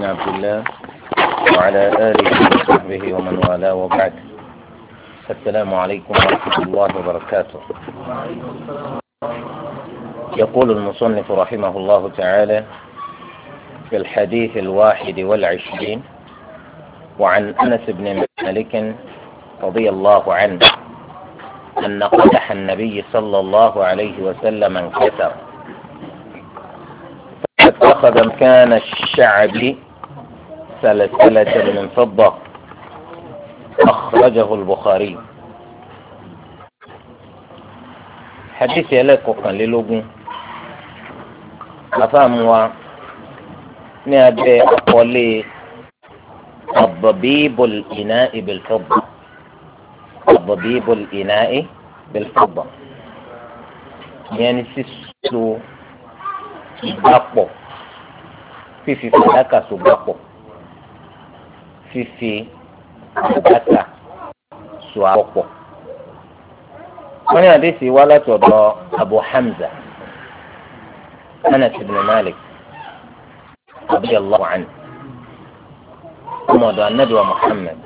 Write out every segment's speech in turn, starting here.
بن عبد الله وعلى آله وصحبه ومن والاه وبعد السلام عليكم ورحمة الله وبركاته يقول المصنف رحمه الله تعالى في الحديث الواحد والعشرين وعن أنس بن مالك رضي الله عنه أن قدح النبي صلى الله عليه وسلم انكسر فاتخذ مكان الشعب سلسلة من فضة أخرجه البخاري حديث يليق كان للوجن أفهموا نبي أقولي الضبيب الإناء بالفضة الضبيب الإناء بالفضة يعني سيسو في fífi fàdákà sògbàpọ̀ fífi àdáta sọ àpọ̀. wọ́n ní àdéhìí wá látọ̀dọ̀ Abu Hamza Anas ibn Malik radiyallahu anhu ọmọdọ̀ anabi wa Muhammad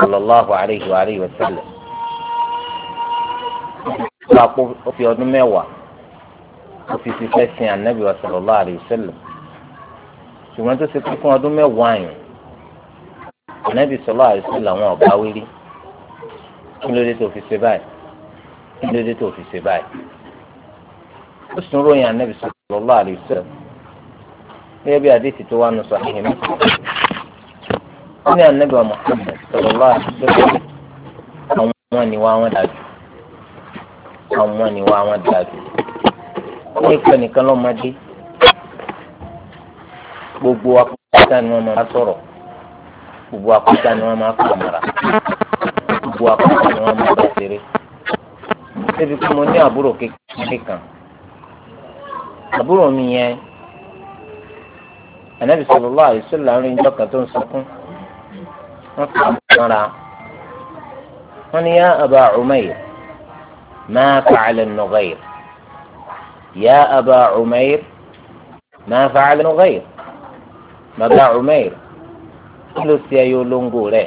sallallahu alayhi wa alayhi wa sallam lápò ó fi ọdún mẹ́wàá ó fi fi fẹ́ sin anabi wa sallallahu alayhi wa sallam ṣùgbọ́n tó ṣe kí ọdún mẹ́wàá yìí ànábì sọlá àìsí làwọn ọba wírí kí ló dé tó fi ṣe báyìí kí ló dé tó fi ṣe báyìí ó sì ń ròyìn ànábì sọlá àìsí gẹ́gẹ́ bí àdéhìí tó wà nù sọ àhìn mi ó ní ànábì Muhammad sọlá àìsí àwọn wọn ni wọn dájú àwọn ni wọn dájú ó ní pẹ́ nìkan lọ́mọdé gbogbo akọ́kọ́ ni wọ́n máa sọ̀rọ̀ gbogbo akọta ni wọ́n máa kọ mara gbogbo akọta ni wọ́n máa bá ṣeré débi pé mo ní àbúrò kékeré kan àbúrò mi yẹn ànábì sallallahu alaihi wasallam ìjọ kan tó ń sunkún wọ́n kà mara wọ́n ní yá Aba Umayr ma fa'ala an yá Aba Umayr ma fa'ala an bàbá Umayr kí ló ṣe ẹyẹ olóńgò rẹ̀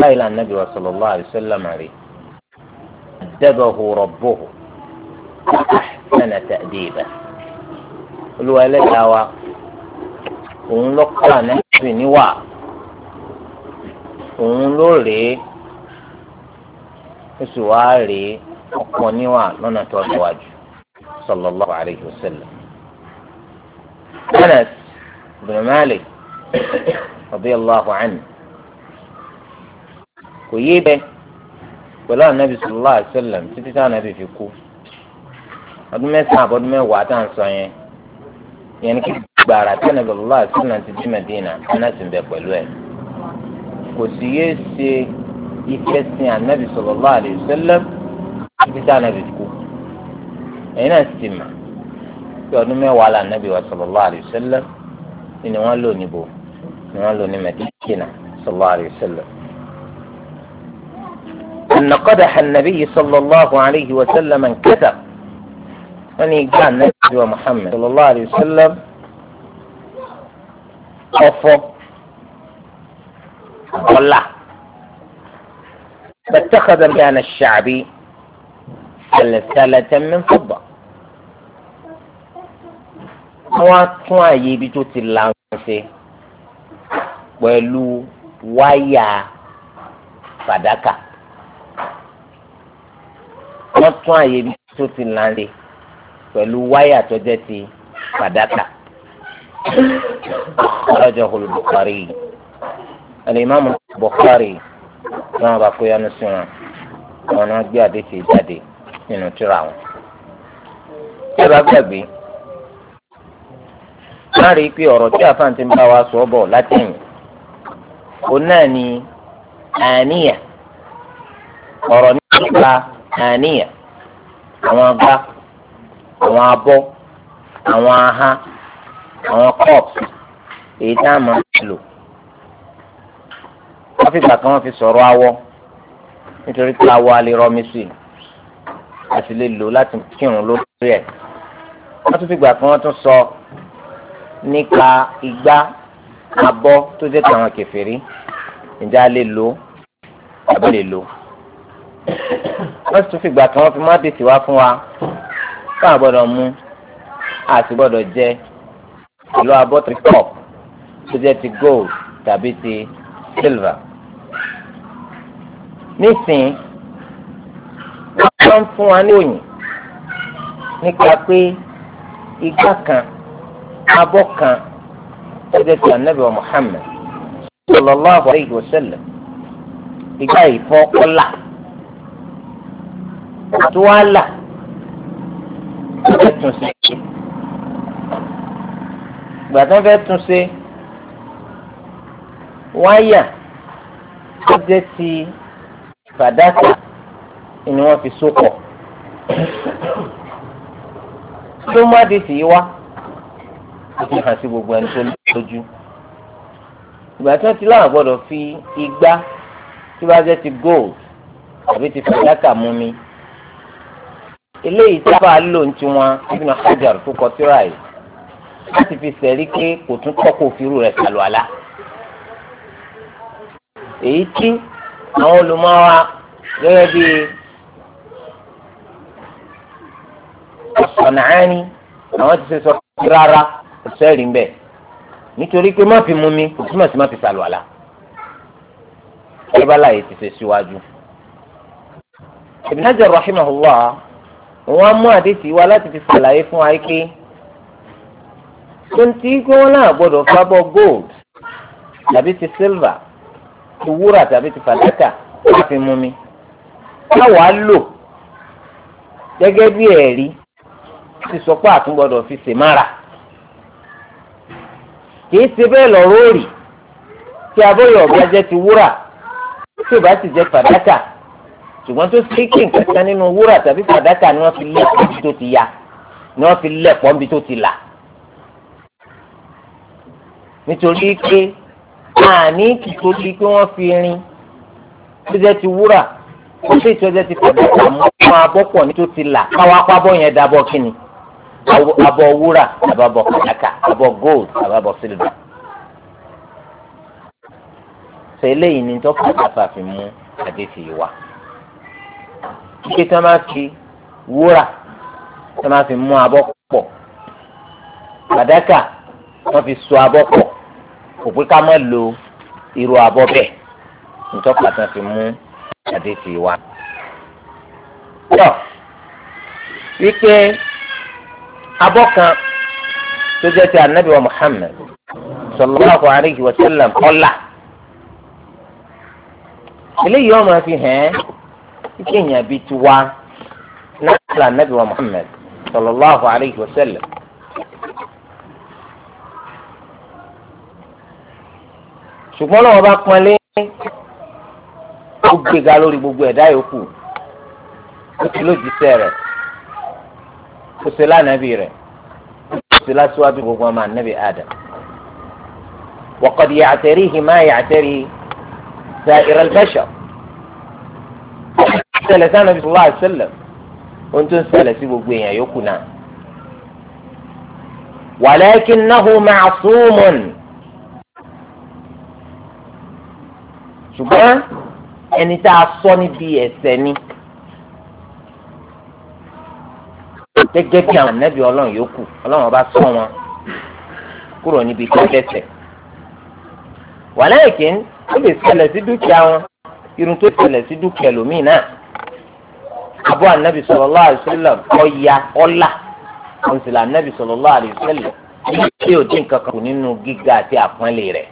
báyìí là nàbì wa sallallahu alaihi wasallam rí addabahu rabbuhu ahsana ta'dibahu olúwa ẹlẹ́dàá wa òun ló kọ́ ànábì níwà òun ló rèé ó sì wá rèé ọkọ níwà lọ́nà tó níwájú sallallahu alaihi wasallam. Anas bin Malik radiyallahu anhu kò yé bẹ pẹ̀lú anabi sallallahu alaihi wasallam títí táwọn anabi fi kú ọdún mẹ́sàn-án àbọ̀dún mẹ́wàá tá à ń sọ yẹn yẹn ní kí gbàrà tí anabi sallallahu alaihi wasallam ti dí Mẹ́dínà anásì ń bẹ pẹ̀lú ẹ̀ kò sì yé ṣe ìfẹsìn anabi sallallahu alaihi wasallam títí táwọn anabi fi kú ẹ̀yin náà sì mà pé ọdún mẹ́wàá là anabi wa sallallahu alaihi wasallam ni wọ́n lò níbo. نالو نمتكنا نعم، صلى الله عليه وسلم أن قدح النبي صلى الله عليه وسلم انكسر أني يعني كان نبي محمد صلى الله عليه وسلم أفو ولا فاتخذ كان الشعبي سلسلة من فضة وطوائي بجوت الله pẹ̀lú wáyà fàdákà wọ́n tún àyè tó ti lánlé pẹ̀lú wáyà tó jẹ́ ti fàdákà ọlọ́jọ́ olùbùkárí alimami Bukhari náà bá kó yánu sí wọn wọn náà gbé àdéhìí jáde nínú tírà wọn. tí a bá gbàgbé láàrin pé ọ̀rọ̀ tí àfáǹtì ń bá wa sọ bọ̀ látẹ̀yìn òun náà ni àníyà ọ̀rọ̀ nípa àníyà àwọn agbá àwọn abọ́ àwọn aha àwọn kọ́ọ̀pù èyí tá a máa lò wọ́n fi gbà kí wọ́n fi sọ̀rọ̀ awọ nítorí pé awọ alẹ́ rọmi sí a sì lè lò láti kírun lórí ẹ̀ wọ́n tún fi gbà kí tún sọ nípa igbá abọ́ tó jẹ́ ti àwọn kèfèrí ǹjẹ́ a lè lò àbí lè lò. wọ́n sì tún fìgbà kan wọ́n fi má dìtì wá fún wa fún àgbọ̀dọ̀ mu àti gbọ́dọ̀ jẹ pẹ̀lú abọ́ ti cup tó jẹ́ ti gold tàbí ti silver. nísìnyí wọ́n fún wa ní òyìn nípa pé igbá kan abọ́ kan gẹ́gẹ́ bí anabi wa Muhammad sallallahu alayhi wa sallam ìgbà ìfọkọlà àtúwálà fẹ́ tún ṣe ìgbà tó fẹ́ tún ṣe wáyà tó jẹ́ ti fàdákà ni wọ́n fi sókọ̀ tó má di tì í wá ó fi hàn sí gbogbo ẹni tó lójú ìgbà tí wọ́n ti láwọn gbọ́dọ̀ fi igbá tí wọ́n jẹ́ ti gold àbí ti fàdákà mú mi eléyìí tí wọ́n bá lò ní tiwọn Ibn Hajar tó kọ tírà yìí láti fi sẹ̀rí pé kò tún tọ́kọ̀ òfin rẹ̀ sàlùwàlá èyí tí àwọn olùmọ́ra gẹ́gẹ́ bíi ọ̀sán àárín àwọn ti ṣe sọ rárá kò sẹ́ẹ̀rì ń bẹ̀ nítorí pé má fi mú mi kò túmọ̀ sí má fi sàlùwàlà ẹ̀rọ aláyè ti ṣe síwájú. Ibn Hajar rahimahullah wọn á mú àdéhìí wá láti fi sàlàyé fún wa pé tó ń tí pé wọn náà gbọdọ̀ fábọ̀ gold tàbí ti silver ti wúrà tàbí ti fàdákà láti mú mi káwa lò gẹ́gẹ́ bí ẹ̀rí ti sọ pé àtúngbọdọ̀ fi ṣèmára kìí ṣe bẹ́ẹ̀ lọ́rọ́ òrì tí abóyọ̀ ọ̀gá jẹ́ ti wúrà tí ò bá sì jẹ́ fàdákà ṣùgbọ́n tó ṣe kí nǹkan nínú wúrà tàbí fàdákà ni wọ́n fi lẹ́pọ̀ níbi tó ti ya ni wọ́n fi lẹ́pọ̀ níbi tó ti là nítorí pé àní kìtorí pé wọ́n fi rin tó jẹ́ ti wúrà ó sì tó ti fàdákà mú àwọn abọ́pọ̀ ní tó ti là káwá pábọ́ yẹn dábọ́ kí ni abọ́ wúrà àbábọ̀ kàkà abọ́ gold àbábọ̀ silver. sọ eléyìí ni tó kọ́ àfààfin mú àdéfì wá. kíkẹ́ tí wọ́n máa fi wúrà tí wọ́n máa fi mú abọ́ pọ̀ kàdákà wọ́n fi so abọ́ pọ̀ kò ká má lo irú abọ́ bẹ́ẹ̀ nítorí pàtàkì fi mú àdéfì wá abọ́ kan tó jẹ́ ti anabi wa Muhammad sallallahu alayhi wa sallam ọ̀la eléyìí ọmọ fi hàn ẹ́ kí èèyàn bíi ti wá náà la anabi wa Muhammad sallallahu alayhi wa sallam. ṣùgbọ́n lọ́wọ́ bá pọ́nlé ó gbéga lórí gbogbo ẹ̀dá yòókù ó ti kò sí lánàbì rẹ̀ kò sí lásìwájú gbogbo ọmọ ànábì Adam wọ́kọ̀dì yàtẹ̀rì hìmá yàtẹ̀rì sa ìrẹ̀lẹ́bẹ̀ṣọ̀ ṣẹlẹ̀ sànàbì sọlá àṣẹlẹ̀ ohun tó ń ṣẹlẹ̀ sí gbogbo èèyàn yòókù náà wàlẹ́kìn náà hù ṣùgbọ́n ẹni tá a sọ níbi ẹ̀ṣẹ̀ ni. gẹ́gẹ́ bí àwọn ànábì ọlọ́run yòókù ọlọ́run ọba sọ wọn kúrò níbi tó dẹ́ṣẹ̀ wàlẹ́ ìkín ó lè ṣẹlẹ̀ sí dúkìá wọn irun tó ṣẹlẹ̀ sí dúkìá ẹlòmíì náà àbọ̀ ànábì sallallahu alaihi wasallam ọ̀ya ọ̀la òǹsìlẹ̀ ànábì sallallahu alaihi wasallam òdì nǹkan kù nínú gíga àti àpọ́nlé rẹ̀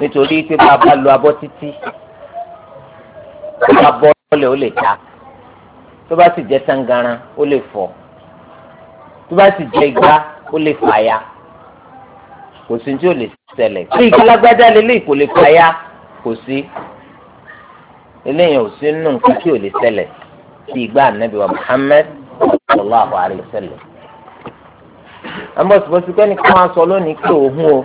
nítorí pé bá a abọ́ títí bá bọ́ ọ̀lẹ̀ ó lè ta tó bá sì jẹ́ tangaran ó lè fọ́ tó bá sì jẹ́ igbá ó lè fàya kò sí tí ó lè ṣẹlẹ̀ tí ìgbàlagbádá lélẹ́yìí kò lè fàya kò sí eléyìí ò sí nù nǹkan tí ò lè ṣẹlẹ̀ tí ìgbà ànábì wa Muhammad sallallahu alayhi wa sallam ambọ̀sibọ̀sí kẹ́ni kí wọ́n sọ lónìí pé òun o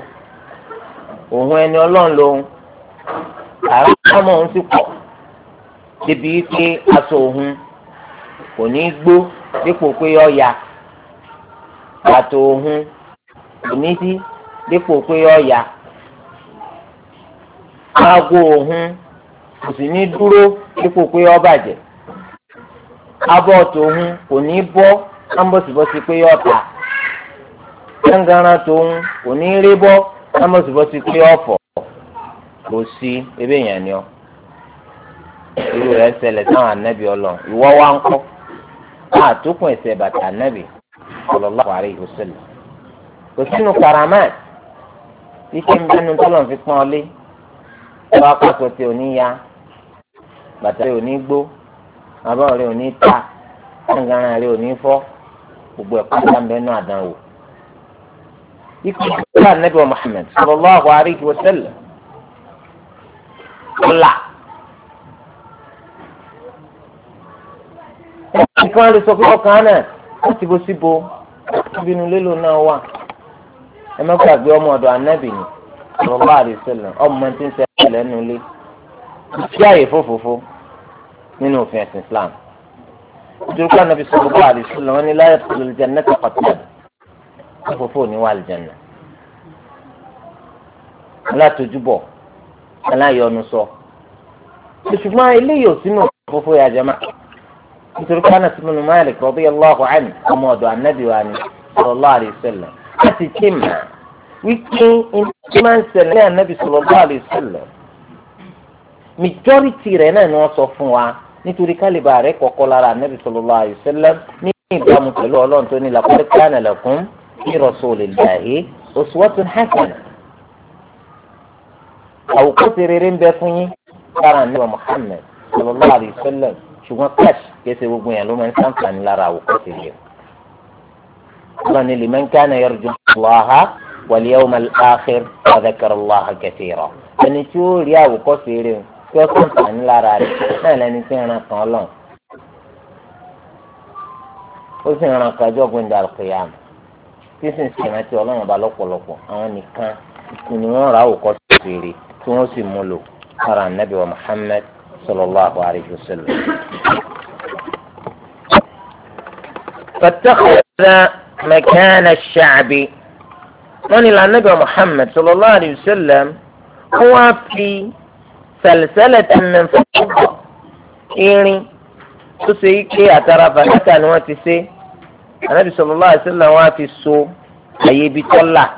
òun ẹni ọlọ́run lòun àrà ọmọ òun ti pọ̀ débi pé aṣọ òun. kò ní gbó dípò pé ya àtò òhun kò ní sí dípò pé ya aago òhun kò sì ní dúró dípò pé yọ bàjẹ́ abọ́ tòhun kò ní bọ ámbọ̀sibọ́sí pé yọ kò ní rí pé kò sí ni ọ irú sáwọn àtúkùn ẹsẹ̀ bàtà nàbì sallallahu alaihi wasallam kò sínú karamat ike ń fi pọ́n ọ lé wọ́n akọ́sọ tí ò ní ya bàtà ò ní gbó ò ní ta ò ní fọ́ gbogbo ẹ̀ pátá ń bẹnu àdánwò. ikú nàbì nǹkan lè sọ pé ọkàn náà ó ti bo síbo ìbínú lélo náà wà ẹ má gbàgbé ọmọ ọ̀dọ̀ anábì ni ọlọlá àdìsẹlẹ ọmọ tí ń ṣẹlẹ̀ lẹ́nu ilé ìṣe àyè fòfòfò nínú òfin ẹ̀sìn Islam nítorí pé anábì sọ̀rọ̀ bá àdìsẹlẹ wọn ni láyé tòlùjẹ nẹta pàtàkì fòfòfò ní wà lìjẹnà alátojúbọ aláyọnu sọ ṣùgbọ́n eléyìí ò sínú òfófó yàjẹ máa nítorí pé Anas bin Malik radiyallahu anhu ọmọ ọ̀dọ̀ anabi wa ni sallallahu alayhi wa sallam láti kí mà wípé ní máa ń ṣẹlẹ̀ ní anabi sallallahu alayhi wa sallam majority rẹ̀ náà ni wọ́n sọ fún wa nítorí kálíbà rẹ̀ kọ́kọ́ lára anabi sallallahu alayhi wa sallam ní ìbámu pẹ̀lú ọlọ́run tó ní laqad kana lakum fi rasulillahi uswatun hasanah àwòkọ́ṣe rere ń bẹ fún yín ṣùgbọ́n cash kẹsẹ̀ gbogbo yẹn ló máa ń sàǹfààní lára àwòkọ́sẹ̀ yẹn. ọlọ́ni liman kana yarju Allaha wal yawmal akhir wa dhakara Allaha kathira. ẹni tí ó rí àwòkọ́sẹ̀ rẹ̀ tí ó sàǹfààní lára rẹ̀ náà lẹni tí ìran kan lọ. ó sì ràn kájọ́ gbẹ̀ndà al-qiyam tí sì ń sìn rántí ọlọ́run ọba lọ́pọ̀lọpọ̀ àwọn nìkan ni wọ́n rà àwòkọ́sẹ̀ rẹ̀ tí wọ́n sì mú lò صلى الله عليه وسلم فاتخذ مكان الشعب من إلى النبي محمد صلى الله عليه وسلم هو في سلسلة من فوق إيري تسيك يا ترى فهتا سي النبي صلى الله عليه وسلم واتي السوء أي بتلا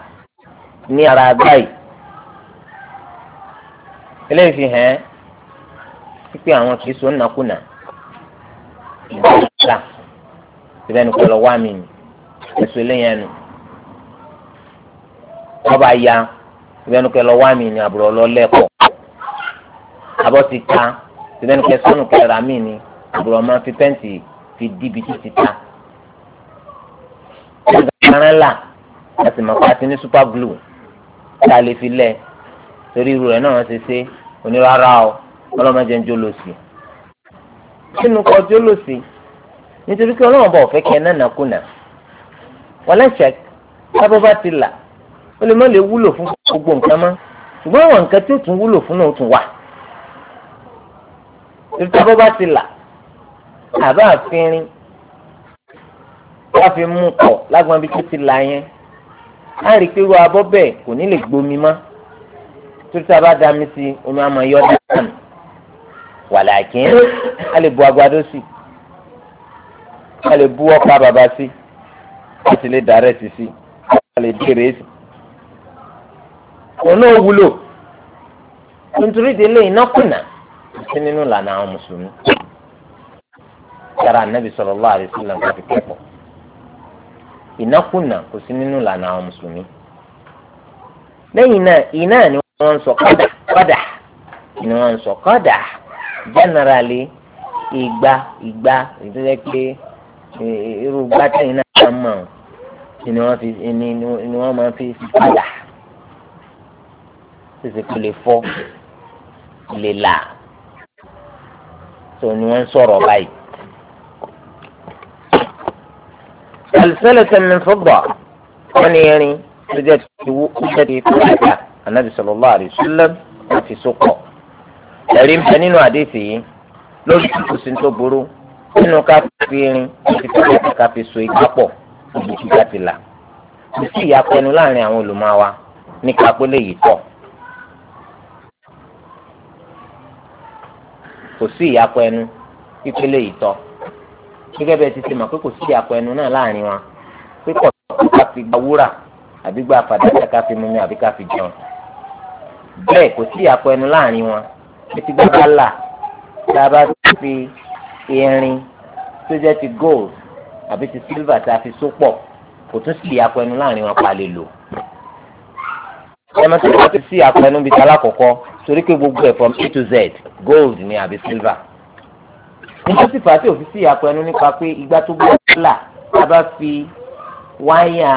نيرا باي إليه فيها pípé àwọn kìí so ńnàkúnà ìgbàlá ìbẹ́ni kọ́ lọ wá mi ni ẹ̀sùn eléyẹn nu ọba ya ìbẹ́ni kọ́ lọ wá mi ni àbúrò ọlọ́lẹ́kọ̀ọ́ abọ́ ti ta ìbẹ́ni kọ́ sọ́nù kẹrà mi ni àbúrò ọmọ fi pẹ́ǹtì fi dìbì tó ti ta ìgbàlá là a sì mọ̀ pé a ti ní super blue, tá a lè fi lẹ̀ torí irú rẹ̀ náà wọ́n ṣe onírárá o ọlọ́mọdé ń jólósì sínú kọ́ jólósì nítorí pé ọlọ́mọba ọ̀fẹ́ kẹ́ nánà kùnà wọn lẹ́sẹ̀ tábọ́ bá ti là ó lè má lè wúlò fún gbogbo nǹkan mọ́ ṣùgbọ́n àwọn nǹkan tí ó tún wúlò fún náà tún wà tábọ́ bá ti là àbá àfihàn wọ́n fi mú kọ̀ lágbọ́n bí tó ti là yẹn á rí i pé irú abọ́ bẹ́ẹ̀ kò ní lè gbomi mọ́ tó tí a bá dami sí omi àmọ́ yọ dáadáa nù. wàlàkín a lè bu agbadó sí a lè bu ọ̀pá si sí a sì lè dàrẹ́tì sí a lè dèrè sí. òun náà wúlò nítorí délé iná kùnà sí nínú ìlànà àwọn mùsùlùmí yàrá anabi sallallahu alaihi wasallam kò fi kẹ́kọ̀ọ́ ìnákùnà kò sí nínú ìlànà àwọn mùsùlùmí náà ni sọ kọdà kọdà ni wọ́n sọ kọdà. generally ìgbà ìgbà ìdílé pé e, irú gbàtẹ́yìn náà mọ̀ ni wọ́n fi ni wọ́n máa fi padà sísè kò lè fọ́ lè là tó ni wọ́n ń sọ̀rọ̀ báyìí. sẹlẹsẹlẹ min fọgbà wọn ni irin tó jẹ ti wú tó jẹ ti tó àgbà anabi sallallahu alaihi wasallam wọn fi so kọ ẹ̀rí ń bẹ nínú àdéhìí yìí lórí kùsùn tó burú nínú ká fi irin àti fúlẹ̀ ká fi so igi pọ̀ ibi tí ká ti là kò sí ìyapẹnu láàrin àwọn olùmọ̀ wa ní kápẹ́ léyìí tọ̀ kò sí ìyapẹnu pípẹ́ léyìí tọ̀ gẹ́gẹ́ bẹ́ẹ̀ ti ṣe mọ̀ pé kò sí ìyapẹnu náà láàrin wa pé kọ̀ ká fi gba wúrà àbí gba fàdákà ká fi mumi àbí ká fi jẹun bẹ́ẹ̀ kò sí ìyapẹnu láàrin wa etí gbọ́dọ̀ là tá a bá fi irin tó jẹ́ ti gold àbí ti silver tá a fi so pọ̀ kò tún sí ìyapẹnu láàrin wọn pa lè lò ẹnu tó bá ti sí ìyapẹnu bíi tala kọ̀kọ́ torí pé gbogbo ẹ̀ from a to z gold ni àbí silver nígbà tí fàá tí òfin sí ìyapẹnu nípa pé ìgbà tó gbọ́dọ̀ là tá a bá fi wáyà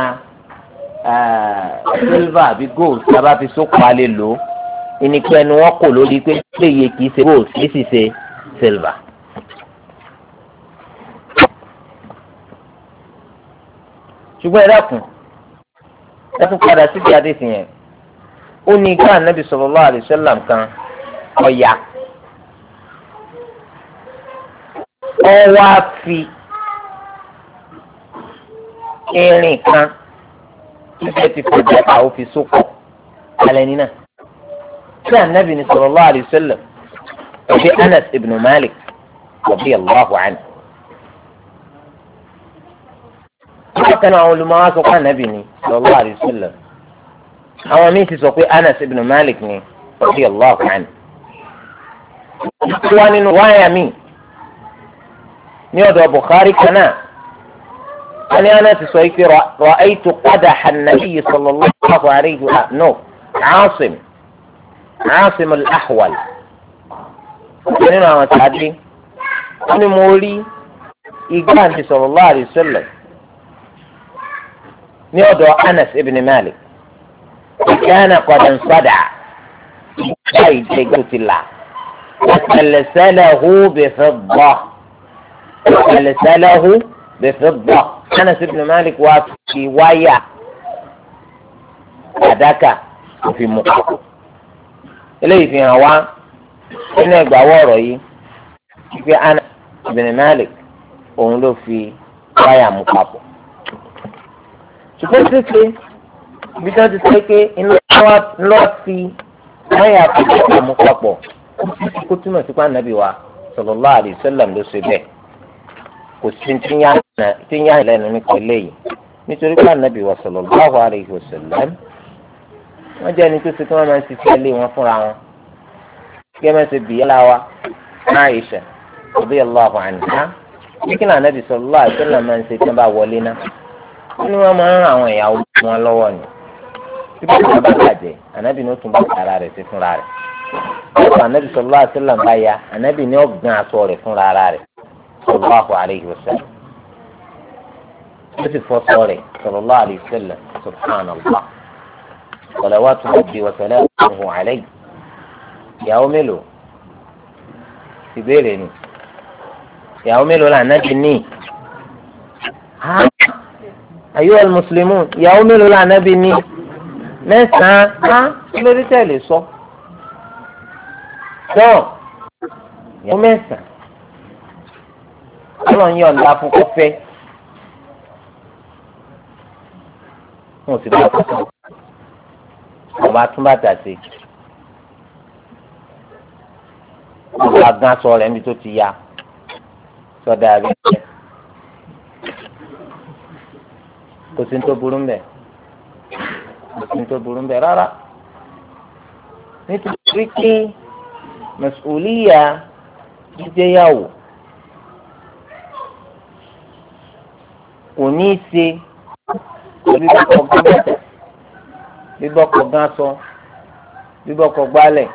ah, silver àbí gold tá a bá fi so pa lè lò ìnípẹ́ ẹnu wọn kò lórí pé léyè kìí ṣe bó ṣe sì ṣe silva. ṣùgbọ́n ẹ dákun ẹ tún padà síbi àdéhùn yẹn ó ní ká ànábì sallallahu alaihi wasallam kan ọ̀yà ọwọ́ á fi irin kan ibẹ̀ ti fọ̀jà àwọn sókò alẹ́ nínà. كان نبي صلى الله عليه وسلم في أنس ابن مالك رضي الله عنه أنا أقول ما أتوقع نبيني صلى الله عليه وسلم أو أمين تسوقي أنس ابن مالك رضي الله عنه أخواني نوايا مين نيود أبو خارج أنا أنا أنا تسوقي رأيت قدح النبي صلى الله عليه وسلم نو عاصم Asim al-Ahwal nínú àwọn tàbí wọ́n ní mo rí igbá àti sallallahu alaihi wasallam ní ọ̀dọ̀ Anas ibn Malik ìkànnà kọ̀dán sọ́dà ìgbà ìjẹ́ gbòtìlá ẹ̀sẹ̀lẹ̀sẹ̀lẹ̀hu bẹ̀fẹ̀gbọ́ ẹ̀sẹ̀lẹ̀sẹ̀lẹ̀hu bẹ̀fẹ̀gbọ́ Anas ibn Malik wá fi wáyà àdáka òfin mu kọ́kọ́ eléyìí fi hàn wá nínú ẹgbàáwọ̀ ọ̀rọ̀ yìí wípé ana ibn Malik òun ló fi wáyà mú papọ̀ ṣùgbọ́n ṣíṣe ibi tí wọ́n ti sọ pé ńlọ fi wáyà pàtàkì mú papọ̀ kó túmọ̀ sí pa nàbí wa sallallahu alaihi ló ṣe bẹ́ẹ̀ kò sí tí ń yá ìlẹ́nu nípa eléyìí nítorí pa nàbí wa sallallahu alaihi wọ́n jẹ́ ẹni tó ṣe kí wọ́n máa ń ṣiṣẹ́ ilé wọn fúnra wọn kí ẹ máa ṣe bìí láwa Aisha radiyallahu anha kí náà nàbì sallallahu alaihi wasallam máa ń ṣe tí wọ́n bá wọlé náà wọ́n ní wọ́n máa ń ran àwọn ìyàwó wọn lọ́wọ́ ni tí bá wọn bá bàjẹ́ ànábì ní ó tún bá ara rẹ̀ sí fúnra rẹ̀ ọ̀pọ̀ ànábì sallallahu alaihi wasallam bá ya ànábì ní ọ̀gbìn aṣọ rẹ̀ fúnra rẹ̀ sallallahu alaihi wasallam ó sì fọ́ salawatu rabbi wa salamuhu alayhi ìyàwó mélòó ìbéèrè ni ìyàwó mélòó là nàbì ní ayuha al-muslimun ìyàwó mélòó là nàbì ní mẹ́sàn-án á lórí tẹ̀lé sọ tán ìyàwó mẹ́sàn-án ọlọ́run yọ̀ǹda fún kọ́fẹ́ wọn ò sì bá a kọ́kọ́ ọba tún bàtà sí ọba gán sọ rẹ níbi tó ti ya sọdọ abẹ kò sí ní tó burú mbẹ kò sí ní tó burú mbẹ rárá nítorí pé mẹsùlùmíyà jíjẹyàwó kò ní í ṣe pẹ̀lú ọgbọ́n bàtà bíbọ́kọ̀ gán sọ bíbọ́kọ̀ gbálẹ̀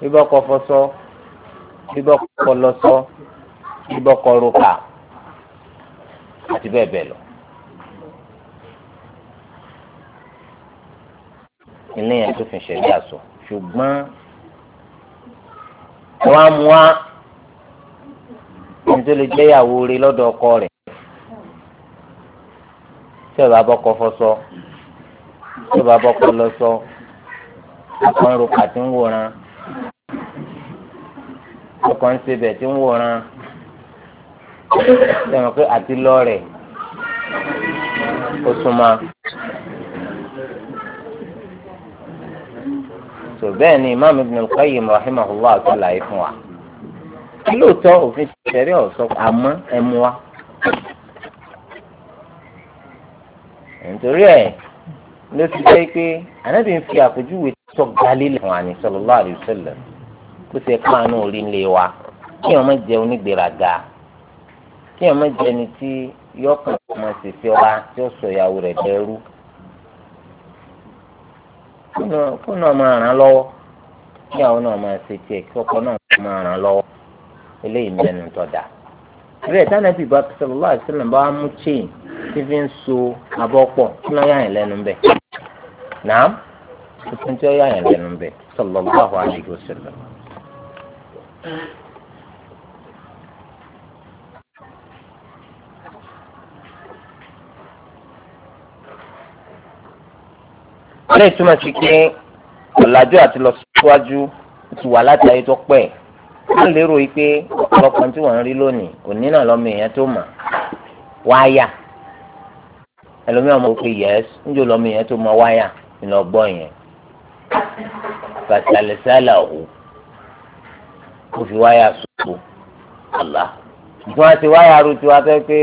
bíbọ́kọ̀ fọṣọ bíbọ́kọ̀ lọṣọ bíbọ́kọ̀ rúkà àti bẹ́ẹ̀ bẹ́ẹ̀ lọ. ilé yẹn tó fi ṣẹ̀dí àṣọ ṣùgbọ́n wọ́n mú wa ní tó lè jẹ́ ìyàwó rẹ̀ lọ́dọ̀ ọkọ rẹ̀ tí ọ̀rọ̀ abọ́kọ fọṣọ tó bá bọ́kọ lọ sọ ọkàn ro kà tí ń wòran ọkàn ń sebẹ̀ tí ń wòran sẹ́wọ̀n pé àti lọ ó súnmọ́. tó bẹ́ẹ̀ ni Imam Ibn al-Qayyim rahimahullah àtúláyé fún wa lóòótọ́ òfin tẹ̀rí ọ̀sọ́ àmọ́ ẹ̀mú wa. nítorí ẹ̀ ló ti jẹ́ pé ànábì ń fi àpèjúwe tó gbalé lẹ́wọ̀n àní sallallahu alaihi wasallam kó ṣe pàánù orí ńlẹ̀ wa kí wọ́n má jẹ́ onígbèraga kí wọ́n má jẹ́ ẹni tí yọkàn ọmọ ṣèṣe wa tí ó sọ ìyàwó rẹ̀ dẹrú kó náà máa ràn án lọ́wọ́ kí àwọn náà máa ṣe tiẹ̀ kí ọkọ náà máa ràn án lọ́wọ́ eléyìí mẹ́nu tó dáa rẹ̀ tánàbí bá sallallahu alaihi wasallam bá mú chain tí fi ń so abọ́ kí lọ́ọ́ yà nàám tuntun tí ó yà yàn lẹ́nu bẹ sallallahu alaihi wasallam. ilé ìtumọ̀ sí pé ọ̀làjú àti lọ síwájú ti wà láti ayé tó pẹ́ wọ́n lérò yìí pé ọ̀pọ̀lọpọ̀ tí wọ́n ń rí lónìí òní náà lọ́mọ èèyàn tó mọ̀ wáyà ẹlòmíràn mọ̀ pé yẹ́s níjó lọ́mọ èèyàn tó mọ̀ wáyà nínú ọgbọ́n yẹn fàtàlẹ́sálà ò kó fi wáyà sọ̀tò àlá ìfún àti wáyà arúgbó afẹ́ pé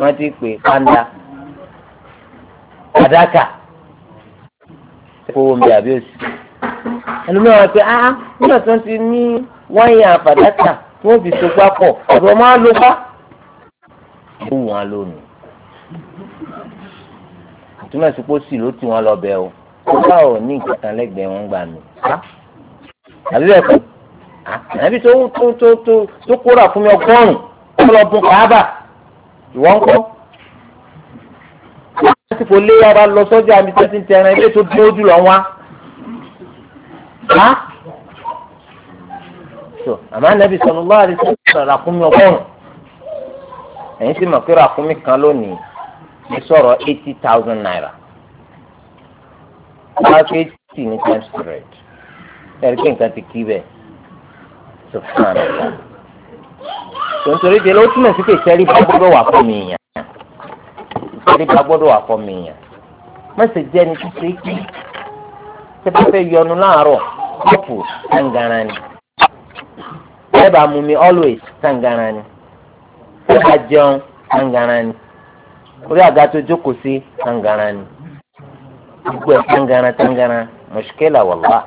wọ́n ti pè pàǹdà àdákà kówó mi àbí òsì ẹlòmíràn wọn pé ah nígbà tí wọ́n ti ní wáyà fàdákà tí wọ́n fi so pápọ̀ ọ̀dọ̀ máa lo bá. ó wù túmọ̀ sí pé ó sì ló tì wọ́n lọ bẹ̀ o ọba ò ní nǹkan kan lẹ́gbẹ̀ẹ́ wọn gbà mí. àbí bẹ́ẹ̀ kọ́ àbí tó tó tó tó tó kóra fún mi ọgọ́rùn-ún kó lọ bun kàábà ìwọ́n kọ́. lásìkò léyà bá lọ sọ́jà àmì tẹ́sí ń tẹran ilé tó dúró jùlọ wá. àmọ́ ànábì sallallahu alaihi wasallam ràkúnmí ọgọ́rùn-ún ẹ̀yin sì mọ̀ pé ràkúnmí kan lónìí ní sọ̀rọ̀ eighty thousand naira láti eighty ní times hundred ẹ̀rí pé nǹkan ti kí bẹ́ẹ̀ subhanallah tontori de ló túmọ̀ sí pé ìtẹ́rí bá gbọ́dọ̀ wà fún mi yàn ìtẹ́rí bá gbọ́dọ̀ wà fún mi yàn mọ̀sẹ̀ jẹ́ ni títí kí ṣé bá fẹ́ yọnu láàárọ̀ kọ́pù tàǹgàrà ni ẹ bá mú mi always tàǹgàrà ni ẹ bá jẹun tàǹgàrà ni orí àga tó jókòó sí tangaran ni gbogbo ẹ̀ tangaran tangaran mọ̀ṣúkẹ́là wàlá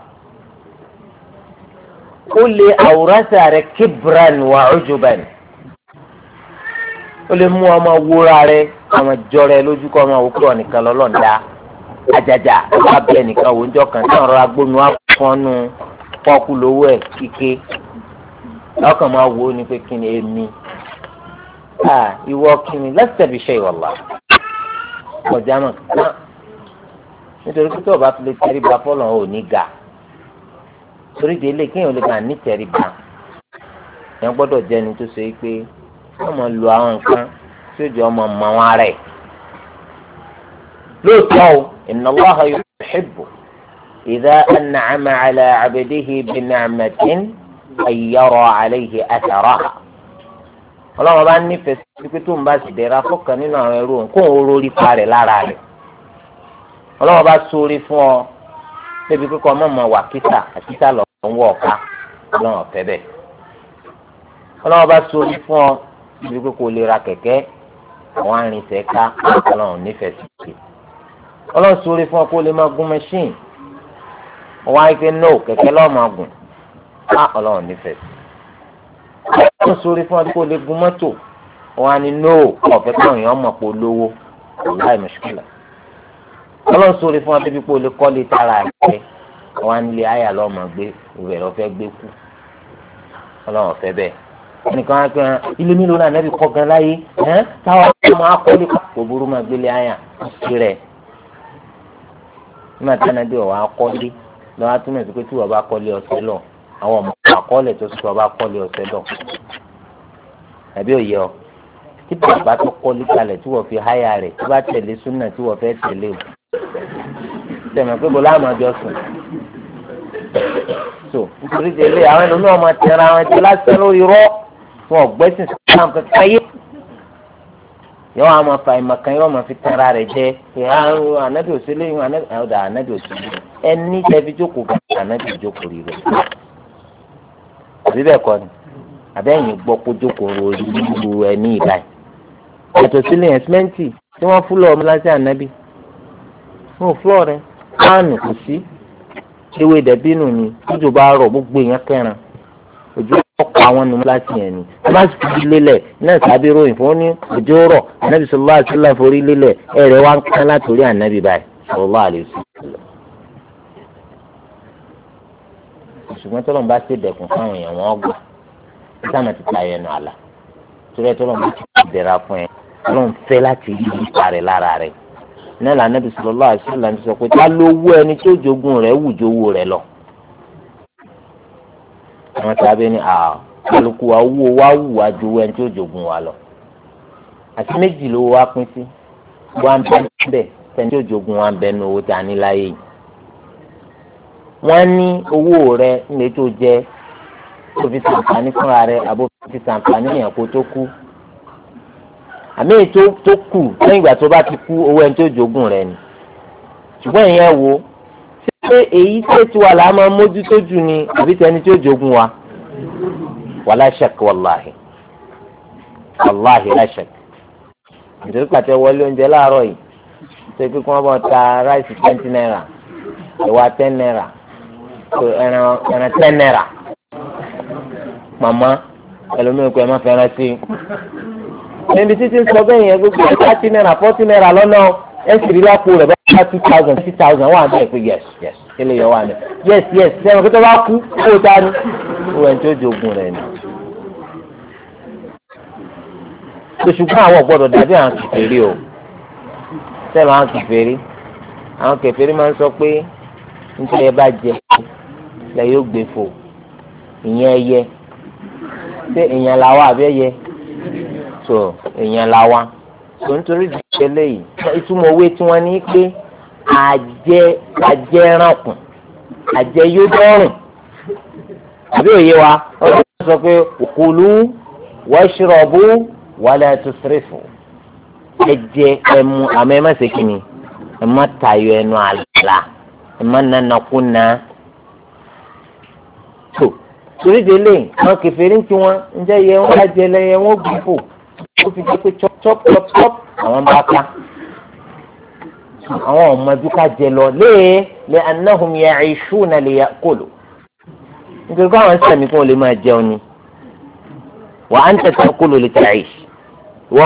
ó lè àwòránṣẹ́ rẹ̀ kébran wà ọ̀jọ̀bàn ó lè mú ọmọ wúra rẹ̀ ọmọ jọrẹ lójú kọ́ ọmọ òkú ọ̀nìkan lọ́lọ́ọ̀dá àjàjà abẹ́ nìkan wò ń jọ kàn tí ọ̀rọ̀ agbómi wà fọ́nù pọ́kú lówó ẹ̀ kíké lọ́kàn máa wò ó ní pé kí ni èmi à ìwọ kìnnì lẹ́sẹ̀ bí ṣe ìwọ̀lá ọjà mọ̀ kàn nítorí pé tí o bá fi lè tẹríba fọlọ́ ò ní ga torí délé kéèyàn lè bá ní tẹríba èèyàn gbọ́dọ̀ jẹ́ ẹni tó ṣe é pé wọ́n mọ̀ lu àwọn nǹkan tí ó jẹ́ ọmọ mọ̀ wọn rẹ̀ lóòótọ́ o inna Allaha yuhibbu idha an'ama ala 'abdihi bi ni'matin an yara 'alayhi atharaha ọlọ́run bá nífẹ̀ẹ́ sí pé tó ń bá sì dẹ̀ra fọ́kàn nínú àwọn ẹrú òun kó òun rórí pa rẹ̀ lára rẹ̀ ọlọ́run bá sóore fún ọ débi pé kọ́ ọmọ ọmọ wà kíta àkíta lọ ń wọ ọ̀ka ọlọ́run ọ̀fẹ́ bẹ̀ ọlọ́run bá sóore fún ọ débi pé kò lè ra kẹ̀kẹ́ àwọn arìnsẹ̀ ká ọlọ́run nífẹ̀ẹ́ sí i ọlọ́run sóore fún ọ kó lè máa gún mẹ́ṣíìn ọwọ́ àìpé no kẹ̀kẹ́ lọ́ọ́ máa gùn ká ọlọ́run nífẹ̀ẹ́ sí wọ́n sori fún ọdún kó lè gun mọ́tò wọn á ní nóò ọ̀fẹ́ káwọn èèyàn mọ̀ pé olówó láì mùṣkílà ọlọ́run sori fún ọdún kó lè kọ́ lè tara ẹ̀ wọn á nílé àyà lọ́mọ gbé ìwẹ̀ lọ́fẹ́ gbé kú ọlọ́run ọ̀fẹ́ bẹ́ẹ̀ ẹnìkan á gbẹ́n ilé mélòó náà nẹ́bí kọ́ gan láyé ẹ́ táwọn ọmọ akọ́lé kò burú máa gbélé àyà rẹ̀ nígbà tí wọn á dé ọ̀ àwọn ọmọ àkọọ́lẹ̀ tó sọ bá kọ́lé ọ̀sẹ̀ dọ̀ tàbí òye ọ tí bàbá tó kọ́lé kalẹ̀ tí wọ́n fi háyà rẹ̀ tí bá tẹ̀lé súnà tí wọ́n fẹ́ tẹ̀lé o tẹ̀mọ̀ pé bọ́lá àmọ́ ọjọ́ sùn so nítorí tẹ̀lé àwọn ẹlòmíì ọmọ tẹ̀ra wọn ti lásán lórí rọ́ fún ọ̀gbẹ́sìn sàn kankan yé yọ àwọn afa ìmọ̀kan yọ ọmọ fi tẹ̀ra rẹ̀ jẹ́ ìhàrùn ànábì òsèlè yìí ànábì òsèlè ẹni tẹ̀fi jókòó kan ànábì jókòó rí rẹ̀ àbí bẹ́ẹ̀ kọ́ ni àbẹ́yìn gbọ́ kó jókòó ro ìlú ẹni ìlà yìí yàtọ̀ sílẹ̀ yẹn sìmẹ́ǹtì tí wọ́n fúlọ̀ ọmọ láti ànábì fún fúlọ̀ rẹ páànù kò sí ewé dẹ̀bínú ni tójú bá rọ̀ gbogbo èèyàn kẹran ojú ọkọ̀ àwọn nù láti yẹn ni láti fi lélẹ̀ náà sábẹ́ ròyìn fún ní òjò rọ̀ ànábì sọlá àti sọlá forí lélẹ̀ ẹ̀rẹ̀ wá ń kán látòrí ànábì báyìí sọlá àlè ṣùgbọ́n tọ́lọ́n bá ṣe dẹ̀kun fáwọn èèyàn wọn gbà sáànà ti ta ẹnu àlà torí ẹ tọ́lọ́n bá ti dẹ̀ra fún ẹ tọ́lọ́n fẹ́ láti rí ipa rẹ̀ lára rẹ̀ náà lànà bí sallallahu alaihi wasallam sọ pé ta ló wú ẹni tí jogún rẹ̀ wù jowó rẹ̀ lọ. àwọn sábẹ́ ni kálukú wa wúwo wá wù wá jowó ẹni tí ó jogún wa lọ. àti méjì ló wá pín sí wá ń bẹ́ẹ̀ tẹ́ni tí ó jogún wa ń nu owó tá láyé yìí wọ́n ní owó rẹ nílé tó jẹ kó fi sàǹfààní fúnra rẹ àbó fi sàǹfààní èèyàn kó tó kú àmì ètò tó kù lẹ́yìn ìgbà tó bá ti kú owó ẹni tó jogún rẹ ni ṣùgbọ́n ìyẹn wo ṣé èyí tó ti wà láàmú mójútó jù ni àbí tẹni tó jogún wa wàlá ṣak wàláhì wàláhì láṣak nítorí pàtẹ wọlé oúnjẹ láàárọ̀ yìí ṣé pé kí ta ráìsì twenty naira ẹ̀wà ten naira ẹran ẹran ten naira màmá ẹlòmíràn kò ẹ má fẹ́ràn sí i níbi títí sọ bẹ́ẹ̀ yẹn gbogbo ẹ̀ thirty naira forty naira lọ́nà ẹ̀ sì rí lápò rẹ̀ bá bá two thousand six thousand wà bẹ́ẹ̀ pé yes yes kílè yọ wà ní yes yes sẹ́wọ̀n kí tó bá kú owó o ni owó ẹ̀ ń tó jogun rẹ̀ ni. ṣùgbọ́n àwọn gbọ́dọ̀ dàbí àwọn kìfèrí o sẹ́wọ̀n àwọn kìfèrí àwọn kìfèrí máa ń sọ pé nítorí ẹ bá jẹ lẹ yóò gbé fò ìyẹn ẹyẹ ṣé ìyẹn la àbí ẹyẹ so ìyẹn la wá so nítorí ìdíje léyìí ìtumọ̀ owó tí wọ́n ní pé àjẹ àjẹ ránkùn àjẹ yóò dọ́rùn àbí òye wa ọlọ́run sọ pé kulu washrabu wala tusrifu ẹ jẹ ẹ mu àmọ́ ẹ má ṣe kí ẹ má tayọ ẹnu àlá ẹ má nana kú náà tó torí délé àwọn kẹfẹ́rí tí wọ́n ń jẹ́ yẹ wọ́n á jẹ lẹ́yẹ wọ́n fò ó fi jẹ́ pé chop chop chop chop àwọn bá ká àwọn ọmọ dúkà jẹ lọ lẹ́ẹ̀ lẹ́ anáhùn yẹ àìṣú náà lè yà kólò nítorí pé àwọn sàmì kan lè máa jẹun ni wà á ń tẹ̀sán kólò lè tẹ̀ àìṣ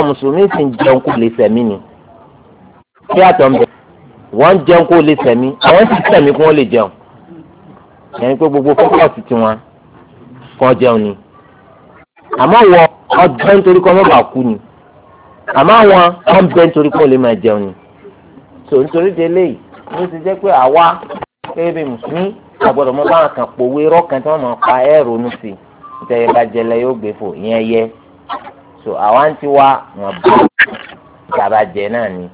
mùsùlùmí sì ń jẹun kó lè sẹ̀mí ni kí àtọ̀ ń bẹ̀ wọ́n jẹun kó lè sẹ̀mí àwọn sì sẹ̀mí kó lè jẹun ẹni pé gbogbo fọ́kọ̀sì tiwọn kọ́ jẹun ni àmọ́ wọ ọjọ́ nítorí kọ́ mọ́bà kú ni àmọ́ àwọn wọ́n bẹ nítorí kọ́ lè máa jẹun ni tò nítorí délé yìí ló ti jẹ́ pé àwa kébè mùsùlùmí àgbọ̀dọ̀ mọ́ báwọn kan pòwe rọ́ọ̀kan tí wọ́n máa pa ẹ̀ ronú sí ìtẹ̀yẹ bá jẹlẹ yóò gbé fò ìyẹn yẹ so àwa ń ti wá wọn bá ìjàmbá jẹ náà ni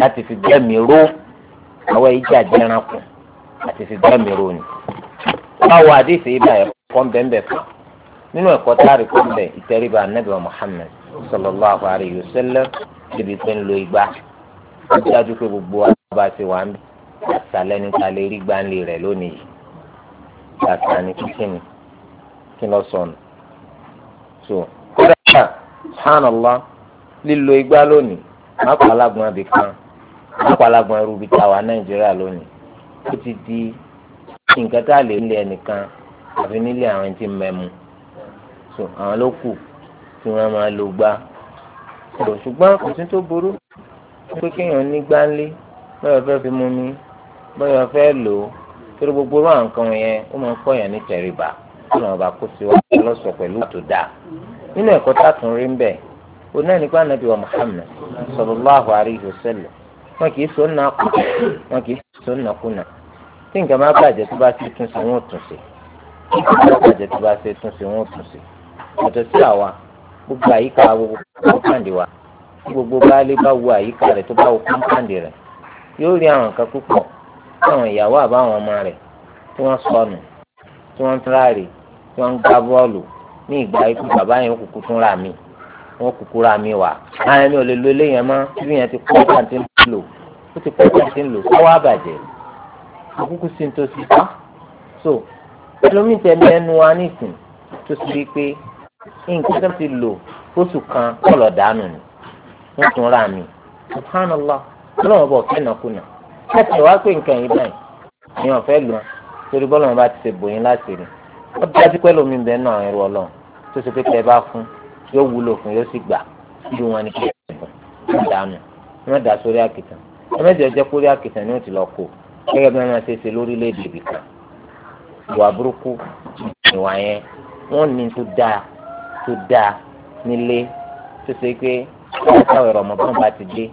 láti fi gbẹ́mìí ró àwọn ìjà jẹranko àti fi gbẹ́mìí ni báwo àdéhìí ibà ẹ̀kọ́ bẹ́ẹ̀ fún nínú ẹ̀kọ́ táàrí kọ́ bẹ̀ ìtẹríba anábìwá Muhammad sallallahu alayhi wa sallam níbi pé ń lo igba ó dájú pé gbogbo àbá ti wà ń bẹ̀ àtàlẹ́ níta lè rí gbáǹlì rẹ̀ lónìí yàtà ní kíkínni kí lọ sọnù so kódà subhanallah lílo igba lónìí má pa alágbọ̀n abìkan má pa alágbọ̀n ẹrú bíi Nàìjíríà lónìí ó ti di nǹkan tá a lè nílé ẹnìkan àfi nílé àwọn tí ń mẹ́mu so àwọn ló kù tí wọ́n máa lo gbá so ṣùgbọ́n kò sí tó burú pé kéèyàn ní gbáńlé báyọ̀ fẹ́ fi mú mi báyọ̀ fẹ́ lò ó torí gbogbo irú àwọn nǹkan yẹn ó máa ń kọ́yàn ní tẹ̀ríba kí wọ́n bá kó sí wa lọ́sọ̀ pẹ̀lú tó dáa nínú ẹ̀kọ́ tá a tún rí ń bẹ̀ òun náà nípa nàbí wa Muhammad sallallahu alaihi wasallam wọn kì í sọ ń nàkú wọn kì í sọ ń nàkú nàkú tí nǹkan bá bàjẹ́ tó bá ṣe tún sí wọn ò tún sí tí nǹkan bá bàjẹ́ tó bá ṣe tún sí wọn ò tún sí ọ̀tọ̀ sí àwa gbogbo àyíká gbogbo kọ́ńpáǹdì wa tí gbogbo baálé bá wo àyíká rẹ̀ tó bá wo kọ́ńpáǹdì rẹ̀ yóò rí àwọn nǹkan púpọ̀ táwọn ìyàwó àbáwọn ọmọ rẹ̀ tí wọ́n sọnù tí wọ́n tíráàrí tí wọ́n gbá bọ́ọ̀lù ní ìgbà ikú bàbá yẹn kúkú tún rà mí wọ́n kúkú rà mí wá àwọn ẹni ò lè lo eléyẹn mọ́ bí yẹn ti kọ́ pàǹtí ń lò ó ti kọ́ pàǹtí ń lò sọ́wọ́ àbàjẹ́ àkókò sí ní tó sì so ẹlòmíì tẹ̀lé ẹnu wa nísìn tó sì rí pé nǹkan tó ti lò fóṣù kan kọlọ̀ dànù ni wọ́n tún ra mi subhanallah ọlọ́run bọ̀ kẹ́nàkúnà láti wá pé nǹkan yìí báyìí ni wọ́n fẹ́ lò torí bọ́lọ́run bá ti ṣe bòyìn láti rí wọ́n dájú pé lómi bẹ́ẹ̀ náà ẹrù ọlọ́run tó ṣe pé tẹ́ bá fún yóò wúlò fún yóò sì gbà bí wọn ni kí wọ́n dànù wọ́n dà sórí àkìtàn ẹ jẹ́ kórí àkìtàn ni ó ti lọ kó gẹ́gẹ́ bí wọ́n máa ṣe ṣe lórílẹ̀‐èdè ibìkan ìwà burúkú ìwà yẹn wọ́n ní tó dáa tó dáa nílé tó ṣe pé káwé rọmọbọ́n bá ti dé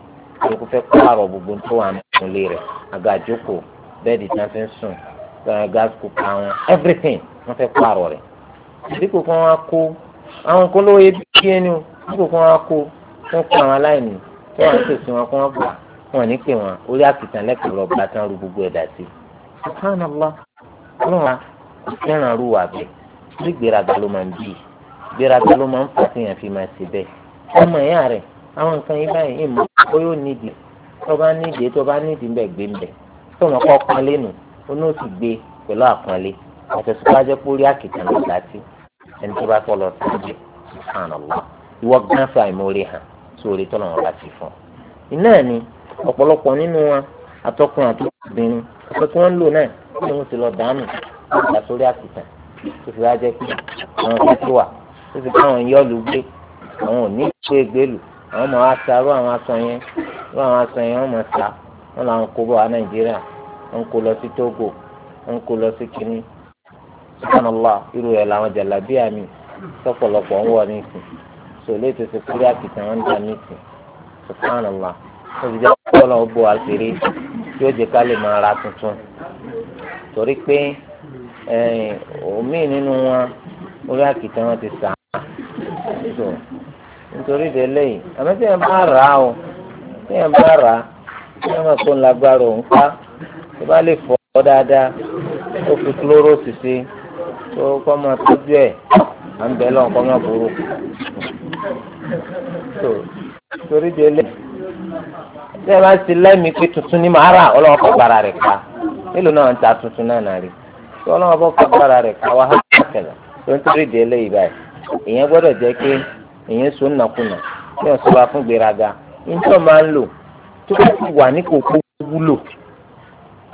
olùkọ́ fẹ́ pààrọ̀ gbogbo tó wà nílé rẹ̀ àgàjókò bẹ́ẹ̀dì tí wọ́n fi ń sùn eh, gas cooker wọn everything wọ́n fẹ́ pààrọ̀ rẹ̀ dípò kí wọ́n á kó àwọn nǹkan lówó ebi kí ẹni o dípò kí wọ́n á kó wọ́n kó àwọn aláìní tí wọ́n á tẹ̀sí wọn kí wọ́n gbà á wọn ní pé wọn orí àkìtàn lẹ́kọ̀ọ́ lọ bá tán ru gbogbo ẹ̀dá sí i sàn lọ ọlọ́run wa kò fẹ́ràn ru wà bẹ́ẹ̀ orí gbéraga ló máa ń bì í gbéraga ló máa ń fà sí yẹn fi máa ṣe bẹ́ẹ̀ ọmọ ìyá rẹ̀ àwọn nǹkan yìí báyìí ìmọ̀ ó yóò nídìí tó bá nídìí tó bá nídìí bẹ́ẹ̀ gbé bẹ́ẹ̀ tó wọn kọ́ pọ́nlé nù ó ní ó sì gbé pẹ̀lú àpọ́nlé àti sùpájẹ́ pórí àkìtàn lọ ẹni tó bá fọ́ lọ sí ìwọ gánfà ìmórí hàn sórí tọ́lọ́run ọ̀pọ̀lọpọ̀ nínú wọn atọ́kùn àtọ́kùnrin ọ̀pẹ tí wọ́n ń lò náà ni wọ́n ti lọ dànù nígbà sórí àkìtàn tó fi wá jẹ́ pé àwọn ọ̀pẹ tó wà tó fi káwọn yọ́ọ̀lù gbé àwọn ò ní gbé gbé lù àwọn máa wá sa rú àwọn aṣọ yẹn rú àwọn aṣọ yẹn wọ́n máa sa wọ́n làwọn kó bọ̀ wá Nàìjíríà wọ́n kó lọ sí Togo wọ́n kó lọ sí Kínní sọ́nàlá irú ẹ̀ làwọn jàlábíà mi sọ́pọ̀lọpọ̀ ń wọ̀ ní ìsìn sòlé tó ti kúrẹ́ àkìtàn wọn dà ní sọ́nàlá òṣìṣẹ́ ọ̀pọ̀lọ́ bo àṣírí tí ó jẹ́ ká lè máa ra tuntun torí pé eh, omi nínú wọn orí àkìtàn wọn ti sàn án so nítorí ìdẹ́lẹ̀ yìí àmọ́ tí wọ́n bá rà á o tí wọ́n bá rà á tí wọ́n bá kó lágbára òun pa tí bá lè fọ́ ọ dáadáa ó fi kúlóró ṣiṣẹ́ tó kọ́ máa tọ́jú ẹ̀ à ń bẹ̀ lọ́n kọ́ máa burú so torí ìdẹ́lẹ̀ yìí. bí ẹ bá ti lẹ́mìí pé tuntun ní màá rà ọlọ́wọ́ kọ́ gbára rẹ̀ ká mélòó náà ń ta tuntun náà náà rí tí ọlọ́wọ́ bọ́ kọ́ gbára rẹ̀ ká wá kẹlẹ̀ tó ń torí so nàkúnà tí fún gbéraga máa ń lò tó bá ti wà ní kókó wúlò tí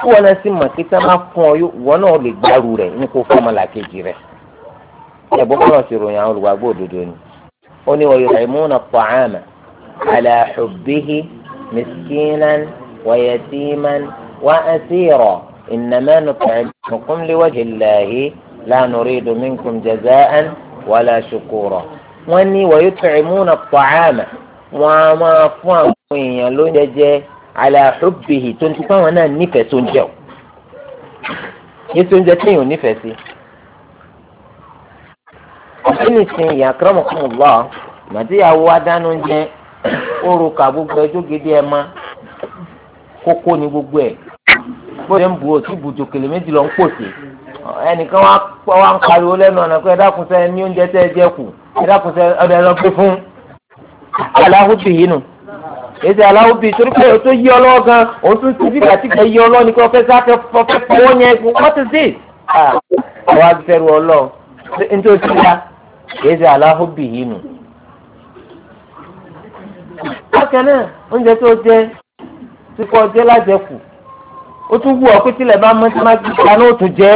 wọ́n náà sì mọ̀ pé tá máa fún ọ wọ́n náà lè gbárù rẹ̀ ní rẹ̀ àwọn olùwàgbọ́ òdodo ni ó على حبه مسكينا ويتيما وأسيرا إنما نطعمكم لوجه الله لا نريد منكم جزاء ولا شكورا واني ويطعمون الطعام وما فوين لوجه على حبه تنتفى وانا نفس جو يسون جتين نفسي يا nìsín yàtọ̀ mọ̀kànlá màdíyàwó adánú jẹ́ orò gbogbo ẹjọ gidi ẹ ma kókó gbogbo ń bu òtí méjì lọ ń pòsè ẹnìkan ń pariwo ọ̀nà pé ní oúnjẹ tẹ́ ẹ jẹ́ kù ẹ̀dákun sẹ́ ọ̀dọ̀ ẹ̀rọ fún yìí nù èsì torí pé o tó yí ọ lọ́wọ́ gan o tún ọ bákan náà oúnjẹ tó jẹ tí kò jẹ lájẹkù ó tún wù ọ pé tílẹ̀ bá mọ́ tí má gbé kaná ó tún jẹ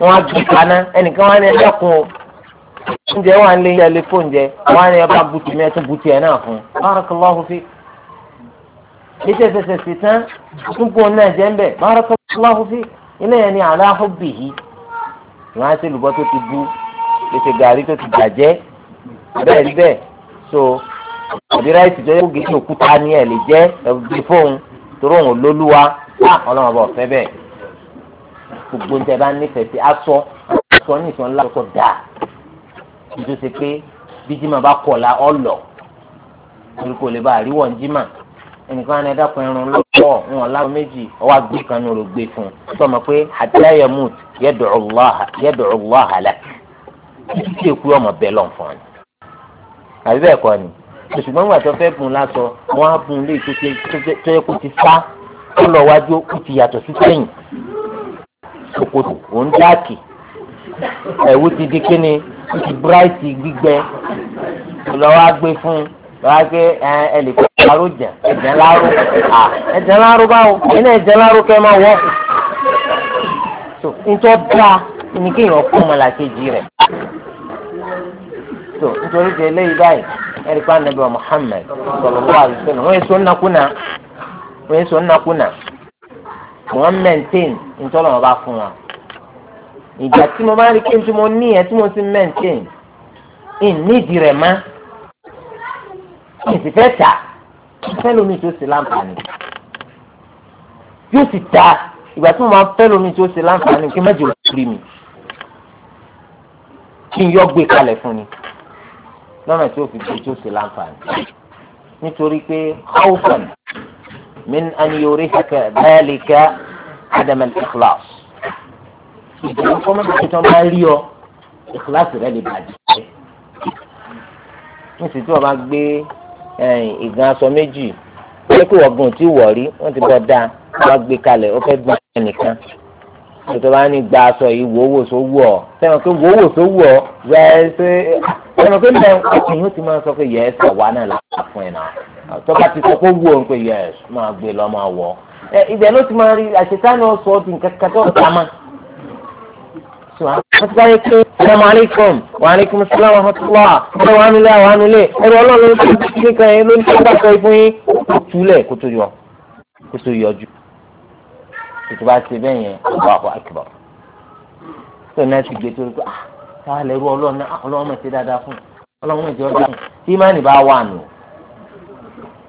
wọn á gbé kaná ẹnìkan wá ní ẹlẹ́kùn o oúnjẹ wà ń lé yẹ lé fóun jẹ wọn á ní ẹbá bùtù mi ẹtún bùtù ẹ náà fún un bárakàlláhu fi ètò ẹsẹsẹ sí tán tún bóun náà jẹ ń bẹ bárakàlláhu fi ilé yẹn ni aláhùn bìyí wọn á ṣe lùbọ́ tó ti bú ètò gàrí tó ti bàjẹ́ bẹ́ẹ̀ bẹ́ẹ̀ so àbí ráìsì tó yẹ kó gèsè òkúta ní ẹ̀ lè jẹ́ ẹ̀gbẹ́ fóun torí òun lólúwa á ọlọ́run ọba ọ̀fẹ́ bẹ́ẹ̀ gbogbo ń tẹ bá nífẹ̀ẹ́ sí aṣọ aṣọ ní ìsọ̀ ńlá tó dáa tó ṣe pé bí jimá bá kọ̀la ọ̀lọ̀ torí kò lè bá àríwọ̀ ń jimá ẹnìkan á ní ẹ̀dàkùn ẹ̀rùn lọ́pọ̀ wọn láwọn méjì ọwọ́ àgbẹ̀ kan ní olùgbé fún un sọ ma pé hatta yamut yad'u Allah lak títí tí èkú ọmọ bẹ́ẹ̀ lọ́n fún un àbí bẹ́ẹ̀ kọ́ ni ṣùgbọ́n ìgbà tó fẹ́ bùn lásọ wọ́n á bùn lé tó yẹ kó ti sá ó lọ wájú ó ti yàtọ̀ sí sẹ́yìn ṣòkòtò òun dáàkì ẹ̀wù ti di kíni ó ti bíráìtì gbígbẹ lọ́wọ́ á gbé fún un lọ́wọ́ á gbé ẹ lè kọ́ àrò jẹ ẹ̀jẹ̀ láró ẹ̀jẹ̀ láró báwo ẹ̀jẹ̀ ẹ̀jẹ̀ láró kẹ́ máa wọ́ nítorí dáa ni kéèyàn kú ọmọlàkejì rẹ̀ nítorí tẹ̀lé yìí báyìí ẹ̀ríkà nàbẹ̀ wa Muhammad sallallahu alaihi wasallam wọ́n èso nnakuna wọ́n èso nnakuna wọ́n mẹ́ntẹ́n ntọ́lọ́ wọn bá fún wa ìjà tí mo bá rí kí n tí mo ní ẹ̀ tí mo ti mẹ́ntẹ́n ìnídìí rẹ̀ má ìsìfẹ́ ta fẹ́ lómi tó ṣe láǹfààní yóò sì ta ìgbà tí mo máa fẹ́ lómi tó ṣe láǹfààní kí n má jẹ́ òkúri mi kí n yọ gbé kalẹ̀ fún ni lọ́nà tí ó fi di tó ṣe láǹfààní nítorí pé khawfan min an yurihaka dhalika adam al-ikhlas ìdílé fọmọdé tuntun bá rí ọ ìkíláàsì rẹ lè bàjẹ́ níṣẹ́ tí wọ́n bá gbé eh, ìgbọ̀n aṣọ méjì pé kí wọ́n gùn tí wọ̀ wọ́n ti bọ́ dáa wọ́n gbé kalẹ̀ ó fẹ́ gbọ́n ẹnìkan nítorí wọn ní gba aṣọ yìí wò wò só wù ọ sẹ́wọ̀n pé wò wò só wù ọ yẹ ṣe sẹ́wọ̀n pé lẹ́yìn ọkùnrin yóò ti máa sọ pé yẹ ẹ sọ wà náà là fún ẹ náà tó bá ti sọ pé wù ọ pé yẹ ẹ máa gbé lọ máa wọ ẹ ibẹ̀ ló ti máa rí àṣetánù ọ̀sọ̀ ọdún kankan tó ta ma. wọ́n ti bá yẹ pé salamu aleykum wa aleykum salaam wa rahmatulah ẹ wà nílé àwọn nílé ẹ̀rọ ọlọ́run ló ti kí nìkan yẹn ló ń tẹ́ tuntun bá ti bẹ́ẹ̀ yẹn ọba ọba àkìbọ̀ tó náà ti gbé torí pé ah táwa lè ru ọlọ́run náà ah, ọlọ́run mọ̀ sí dáadáa fún ọlọ́run mọ̀ sí ọjà fún tí ìmánì bá wà nù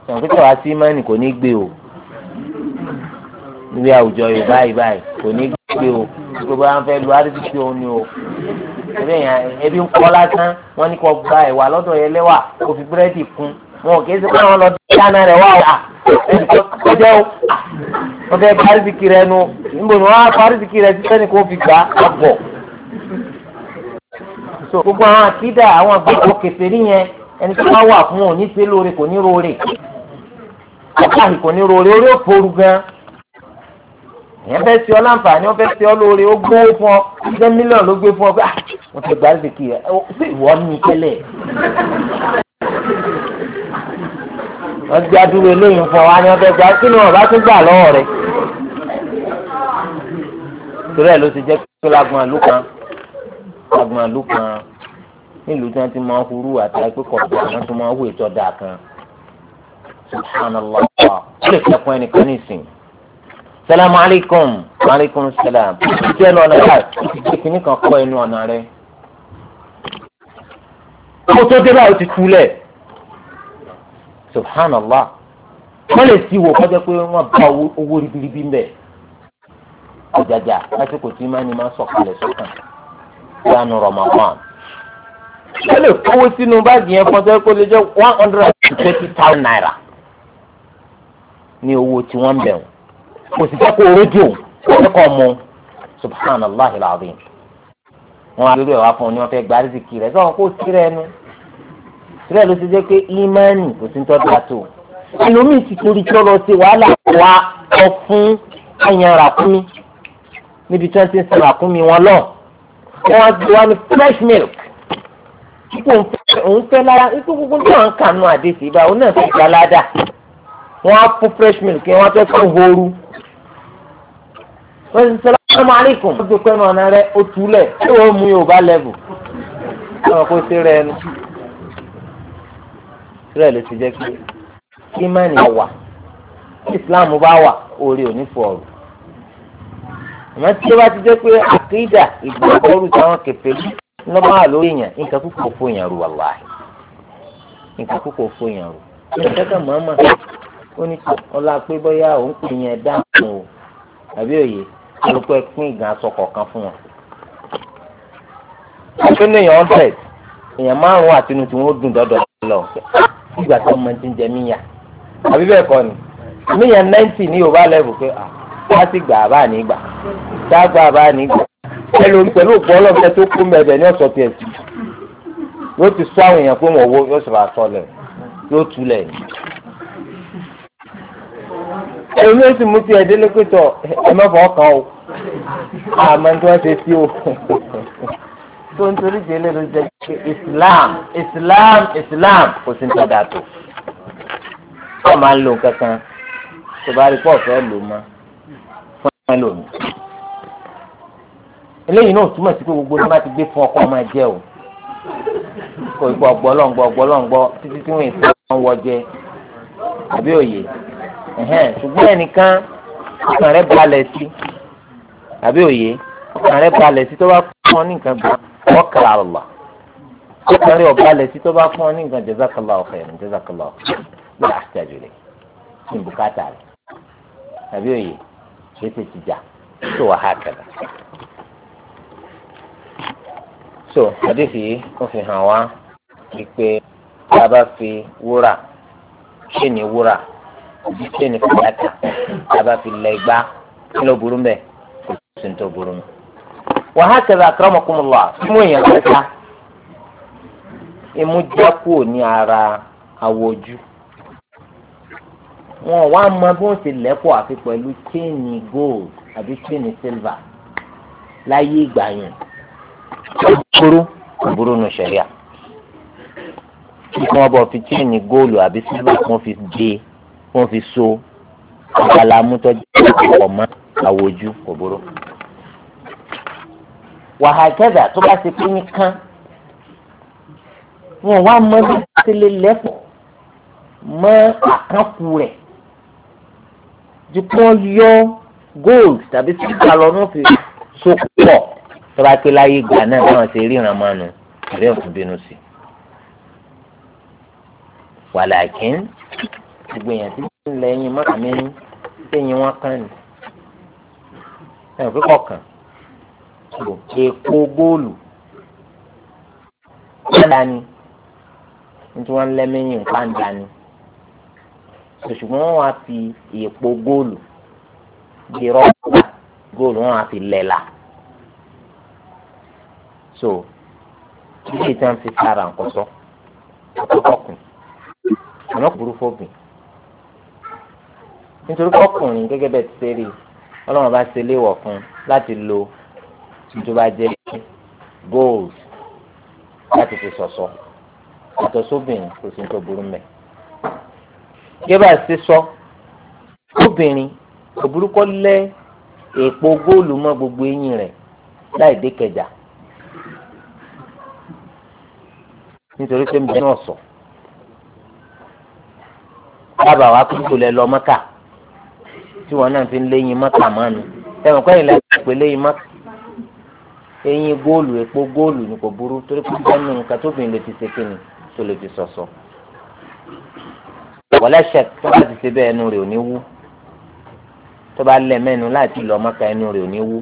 sọ̀rọ̀ pípẹ́ wá sí ìmánì kò ní gbé o níbi àwùjọ yìí báyìí báyìí kò ní gbé o gbogbo àwọn fẹ́ lu àdìsí òun ni o ẹbí yẹn ẹbí ń kọ́ lásán wọ́n ní kó gba ẹ̀wà lọ́dọ̀ yẹn lẹ́wà kó fi búrẹ́dì kún wọn kì í ṣe pé àwọn lọ dáná rẹ̀ wá wà ah, ẹ̀jẹ̀ wọ́n fẹ́ parí zikì rẹ nu níbo ni wọ́n á parí zikì rẹ títí sẹ́ni kò fi gbà á bọ̀. so gbogbo àwọn àkídà àwọn àgbàgbọ́ kẹfẹ́ nìyẹn ẹni tí wọ́n wà fún òní ṣe lóore kò ní roore àbáyé kò ní roore orí òporu gan èèyàn fẹ́ ṣe ọ láǹfààní wọ́n fẹ́ ṣe ọ lóore ó gbé fún ọ ṣé mílíọ̀nù ló gbé fún ọ pé ah mo ti gbà á zikì rẹ ṣé ìwọ ní tẹ́lẹ̀ wọ́n gbé adúlọ eléyìí fún wa ni wọ́n fẹ́ gba kí ni wọ́n bá tún gbà lọ́wọ́ rẹ̀. torí ẹ̀ ló ti jẹ́ pé lágbọ̀n àlù kan lágbọ̀n àlù kan nílùú tí wọ́n ti máa ń hurú àti ẹgbẹ́ kọ̀ọ̀kan wọ́n ti máa ń hu ètò ọ̀dà kan. subhanallah ó lè fẹ́kun ẹnìkan nísìnyí. salamu alaykum alaykum salam ìdí ẹnu ọ̀nà rẹ̀ ìdí kìnnìkan kọ́ ẹnu ọ̀nà rẹ̀. ó tó dé báyìí ó ti túlẹ̀. subhanallah wọ́n lè ti wo kọjá pé wọ́n bá owó ribiribi ń bẹ̀ ọ̀jàjà lásìkò tí mání máa sọ̀kalẹ̀ sọ̀kan lánàá Ramadan lè kówó sínú báàgì yẹn kọjá pé lè jẹ́ one naira ní owó tí wọ́n ń kò sì jẹ́ kó rédíò subhanallah á lórí ẹ̀ wá fún un ní fẹ́ rẹ ló ti jẹ́ pé ìmánì kò sí tọ́jú àtò ẹlòmíì ti torí tí ó lọ sí wàhálà wa ọ fún àyàn ràkúnmí níbi tí wọ́n ti ń sin ràkúnmí wọn lọ wọ́n ti wá ní fresh milk ipò òun fẹ́ lára ipò gbogbo tí wọ́n ń kànú àdéhùn ìbá òun náà fi gbà ládàá wọ́n á fún fresh milk yẹn wọ́n fẹ́ fún ooru wọ́n ti sọ lọ́wọ́ aleikum wọ́n gbé pẹ́ẹ́nu ọ̀nà rẹ̀ ó túlẹ̀ tí wọ́n mú Yorùbá lẹ́bù ọ̀rọ̀ kó ṣe rẹ̀ ẹnu. rẹ̀ ló ti jẹ́ pé ìmánì wà ìsìláàmù bá wà orí òní fọ ọrụ. àmọ́ tí ó bá ti jẹ́ pé àkídà ìgbàgbọ́rù táwọn kèfèrí lọ́mọ àlórí èèyàn nǹkan púpọ̀ fún rù nǹkan rù ní ọlá pé bóyá òun yẹn dáhùn o àbí òye olùkọ́ ẹ pín ìgbà aṣọ kọ̀ọ̀kan fún wọn. ní èèyàn èèyàn márùn-ún àtinú tí wọ́n dùn ìgbà tó mọ ti ń jẹ míyà àbí bẹ́ẹ̀ kọ́ ni míyà náìtì ní yorùbá lẹ́bù pé ah, wá sí gbà bá ní gbà dá gbà bá ní gbà pẹ̀lú pẹ̀lú òpó ọlọ́fẹ́ tó kú mẹ́bẹ̀ ní ọ̀sọ̀ tiẹ̀ sí yóò ti sọ àwọn èèyàn pé wọ́n wo yóò sọ̀rọ̀ àsọ lẹ̀ yóò túlẹ̀ ni. èmi ó sì mú tiẹ̀ délé pé tọ̀ ẹ mọ́fọ́ kan o àmọ́ tí wọ́n ṣe sí o. tó ń torí di eléyìí ló jẹ́ pé islam islam islam kò sí nǹkan dàtò ọ máa ń lo nǹkan kan tó bá rí pọ̀ fẹ́ lò mọ́ fún ẹ lòmí. eléyìí náà túmọ̀ sí pé gbogbo ní bá ti gbé fún ọkọ máa jẹ́ o kò gbọ́ gbọ́lọ́ngbọ́ gbọ́lọ́ngbọ́ títí tí wọ́n ń sọ wọ́n jẹ àbí òye ṣùgbọ́n ẹnìkan ọkàn rẹ̀ balẹ̀ sí àbí òye ọkàn rẹ̀ balẹ̀ sí tó bá kú fún ọ ní nǹkan gbà ọ kàrà àlọ́ ọkùnrin ọba lẹ sí tó bá fún ọ ní nǹkan jazakallahu khairan jazakallahu khairan lọ́la àtijọ́ rẹ̀ ní bùkátà rẹ̀ tàbí òye ṣètò ìtìjà tó wà á kàdà. so àdéhì ó fi hàn wá wípé tá a bá fi wúrà ṣé ní wúrà òbí ṣé ní fàdákà tá a bá fi lẹ kí ló burú mbẹ kò sí ní tó burú mbẹ wa hakadha akramakumullah tí mo yàn lẹ́ta imú já kúrò ní ara àwòjú wọn wá mọ bí wọn ti lẹ́pọ̀ àfi pẹ̀lú chaini gold àbí chaini silver láyé ìgbà yẹn kúrú kò burú nu sẹ̀ríà kí wọ́n bọ̀ fi chaini góòlù àbí silver kí wọ́n fi dé wọ́n fi so àgbàlá mú tọ́jú ọ̀pọ̀ mọ́ àwòjú kò burú wàhákẹ́dà tó bá ti pín kán wọn wá mọ bí tẹ́lẹ̀ lẹ́pọ̀ mọ àkànkù rẹ̀ ju yọ gold tàbí sílẹ̀ lọ ní òfin sopọ̀ tó bá pé láyé ìgbà náà bí wọ́n ṣe ríran mánu àbí òfin bínú sí i. wàlàkín ìgbìyànjú ti ń lẹ́yìn mọ́tàmí ní sẹ́yìn wọn kàn ní. ẹ̀rọ kan èpo góòlù padà ni nítorí wọn lẹ́mẹ̀yìn pàǹdà ni ṣùgbọ́n wọn á fi èpo góòlù bí rọ́bà góòlù wọn á fi lẹ́la so ilé ìtàn fi sára nǹkan sọ ọkùnrin àmọ́ kò burú fóbìn nítorí fọkùnrin gẹ́gẹ́ bẹ́ẹ̀ ti ṣe rí ọlọ́run bá ṣe léwọ̀ fún un láti lo tó bá jẹ́ gold láti fi sọ̀sọ́ àtọ̀ sóbìnrin kò sí tó burú mẹ́. gébà ṣe sọ obìnrin kò burúkọ lẹ èèpo góòlù mọ́ gbogbo eyín rẹ̀ láì dé kẹjà nítorí pé mi náà sọ dábàá wa kúkú lẹ lọ mọ́kà tí wọn náà fi ń léyìn mọ́kà mánu ẹ̀wọ̀n kọ́yìn lẹ́yìn pé léyìn mọ́kà eyín góòlù epo góòlù ni kò burú torí pé bẹ́ẹ̀ni nǹkan tóbìnrin lè fi ṣe kíni tó lè fi sọ̀sọ̀. wọ́lẹ́sẹ̀ tó bá ti ṣe bẹ́ẹ̀ ẹnu rẹ̀ ò ní wú tó bá lẹ̀ mẹ́nu láti lọ mọ́ka ẹnu rẹ̀ ò ní wú.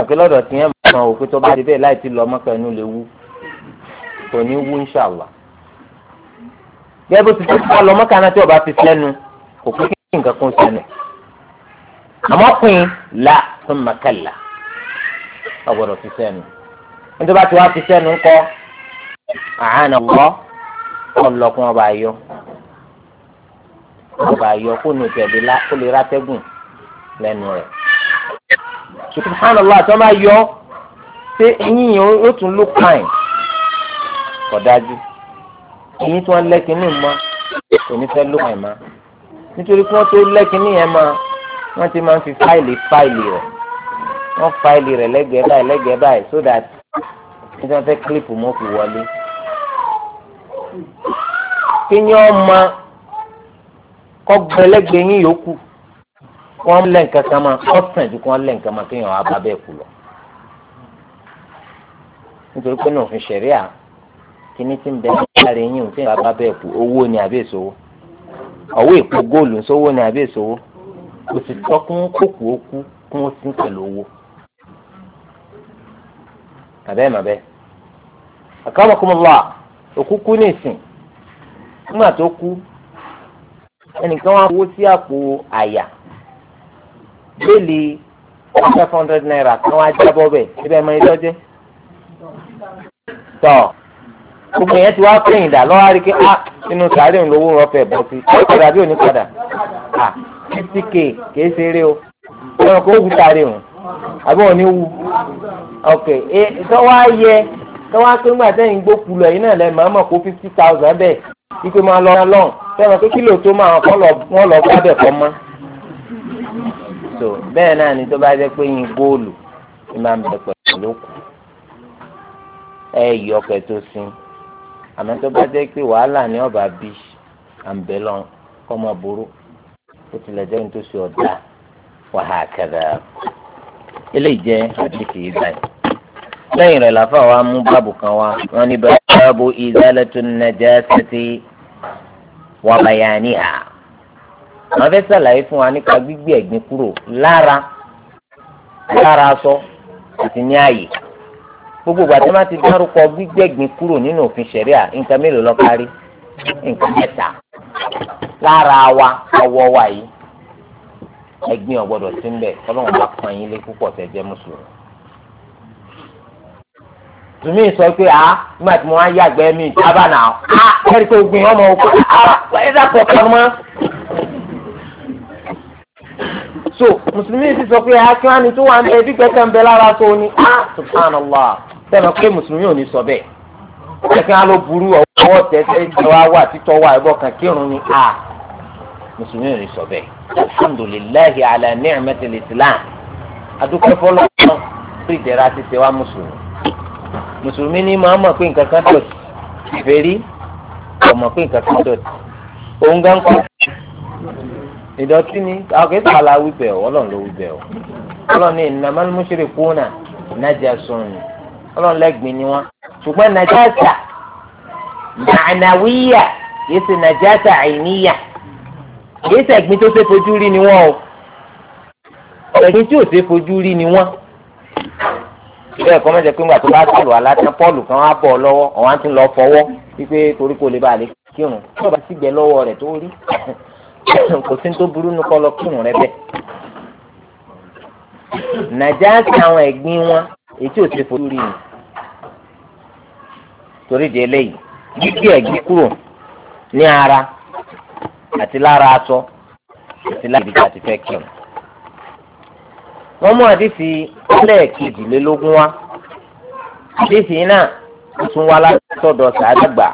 ọ̀kẹ́ lọ́dọ̀ tí yẹn mọ̀ pé tó bá ti bẹ́ẹ̀ láti lọ mọ́ka ẹnu lè wú kò ní wú inṣàlá. bẹ́ẹ̀ bó ti ṣe lọ mọ́ka tí ọba fi sẹ́nu kò kí nǹkan kún sẹ́nu. àmọ́ pin la fún makalla ọgbọ́dọ̀ fi sẹ́nu nítorí bá ti wá fi sẹ́nu ńkọ́ àánà kọ́ ọlọ́kùn ọba ayọ́ ọba ayọ́ kó nu tẹ̀lé la kó lè rátẹ́gùn lẹ́nu rẹ̀ subhanallah àti ọmọ ayọ́ ṣé eyín yẹn ó tún ló pààyàn kọ̀dájú eyín tí wọ́n lẹ́kìn ní mọ́ òní fẹ́ ló pààyàn mọ́ nítorí pé wọ́n tó lẹ́kìn ní yẹn mọ́ wọ́n ti máa ń fi fáìlì fáìlì rẹ̀ wọ́n fáìlì rẹ̀ lẹ́gbẹ̀ẹ́ báyìí lẹ́gbẹ̀ẹ́ báyìí so that ní tí wọ́n fẹ́ kílípù mọ́ fi wọlé. kínyìn ọmọ kọ́gbọ́n ẹlẹ́gbẹ̀ẹ́ yín yòókù wọ́n lẹ̀ nǹkan kan máa ọ̀sán ju kí wọ́n lẹ̀ nǹkan máa kéèyàn wá bá bẹ́ẹ̀ kú lọ. nítorí pé náà òfin ṣẹ̀ríà kíní tí ń bẹ láàrin yín òfin wá bá bẹ́ẹ̀ kú owó ni àbí èsòwò ọ̀wọ́ èpo góòlù ń sówó ni àbí èsòwò kò sì tọ́ kókù ó kú kún ó sí pẹ̀lú owó. àbẹ́ màbẹ́ àkàràkùnmọ́lá òkú kú ní ìsìn nígbà tó kú ẹnìkan wá owó sí àpò àyà béèlì five hundred naira kan wá jábọ́ bẹ̀ síbẹ̀ mọ ilé ọjẹ́ tọ́ gbogbo yẹn ti wá pẹ́yìn dà lọ́wọ́ àríkẹ́ á nínú ah, sàárè òǹlówó rọ́pẹ̀ bọ́ sí àbí òní padà ah, kìí ṣeré o ẹ̀rọ kò wù sàárè àbí òní wù ok e, tọ́wọ́ ayẹ tọ́wọ́ akpé ńgbà sẹ́yìn gbókù lọ yìí náà lẹ́ màá mọ̀ kó fifty thousand bẹ́ẹ̀ ikú máa lọ lọ́n fẹ́ràn pé kílò tó máa kọ́ lọ wọ́n lọ bá bẹ̀ kọ́ mọ́ so bẹ́ẹ̀ náà ni tó bá jẹ́ pé yín góòlù ni máa ń bẹ pẹ̀lú òkú ẹ yọ ọkẹ tó sin àmọ́ tó bá jẹ́ pé wàhálà ni ọba bí àǹbẹ̀lọ́n kọ́ máa burú ó tilẹ̀ jẹ́ ní tó ṣe ọ̀dà wàhálà kẹdà eléyìí jẹ́ àdìsí yìí báyìí lẹ́yìn rẹ̀ làfà wa mú báàbù kan wá wọn ní báàbù izalatu najasati wa bayaniha wọn fẹ́ sàlàyé fún wa nípa gbígbé ẹ̀gbin kúrò lára lára aṣọ àti gbogbo ìgbà ti dárúkọ gbígbé ẹ̀gbin kúrò nínú òfin ṣẹ̀ríà nǹkan mélòó kárí nǹkan lára wa ọwọ́ wa yìí ẹgbin ọ̀gbọ́dọ̀ sí ń bẹ̀ ọlọ́run bá pọn yín lé púpọ̀ tẹ̀ jẹ́ mùsùlùmí. tùmí sọ pé a nígbà tí mo wá yàgbẹ́ mi jábà náà a kẹ́rì pé ogun ọmọ òkú a ẹ dàpọ̀ kan mọ́. so mùsùlùmí ti sọ pé a kí wọ́n á ní tó wà ń bẹ bí gbẹ́sẹ̀ ń bẹ lára tó ní a subhanallah sẹ́nu pé mùsùlùmí ò ní sọ bẹ́ẹ̀ kẹ́kẹ́ á ló burú ọwọ́ tẹ́tẹ́ ìjọba wà títọ́ wà ẹ̀bọ̀ kan kírun ni a mùsùlùmí ò ní sọ bẹ́ẹ̀ alhamdulilayi ala ni'matil islam adúpẹ́ fọlọ́ fún ìdẹ̀ra ti ṣe wá mùsùlùmí mùsùlùmí ní máa mọ̀ pé nǹkan kan dọ̀tí ìfẹ́rí kò mọ̀ pé nǹkan kan dọ̀tí òun gan kọ́ ìdọ̀tí ni àkẹ́sà àlà wíbẹ̀ ọ́ ọlọ́run ló wíbẹ̀ ọ́ ọlọ́run ní innamal mushrikuuna najasun ọlọ́run lẹ́gbìn ni wọ́n ṣùgbọ́n najasa ma'nawiyya yìí ti najasa àìníyà èyí sẹ̀gbin tó ṣe fojú rí ni wọ́n o ẹ̀gbin tí ò ṣe fojú rí ni wọ́n ilé ẹ̀kọ́ mẹ́jẹ pé ńgbà tó bá sọ̀rọ̀ aláta pọ́ọ̀lù kan á bọ̀ lọ́wọ́ ọ̀hún á ti lọ fọwọ́ wípé torí kò lè bá lè kírun tí ọba sì gbẹ lọ́wọ́ rẹ̀ tó rí kò sí tó burú nu kọ́ lọ kírun rẹ bẹ́ẹ̀. nàìjíríà ti àwọn ẹ̀gbin wọn èyí tí ò ṣe fojú rí ni torí di eléyìí gbígbé ẹ̀gbin kúrò ní ara àti lára aṣọ àti láti ibi àti fẹ́ kí ọ. wọ́n mú àdìsí lé lógún wá àdìsí iná tuntun wá látọ̀dọ̀ sàádàgbà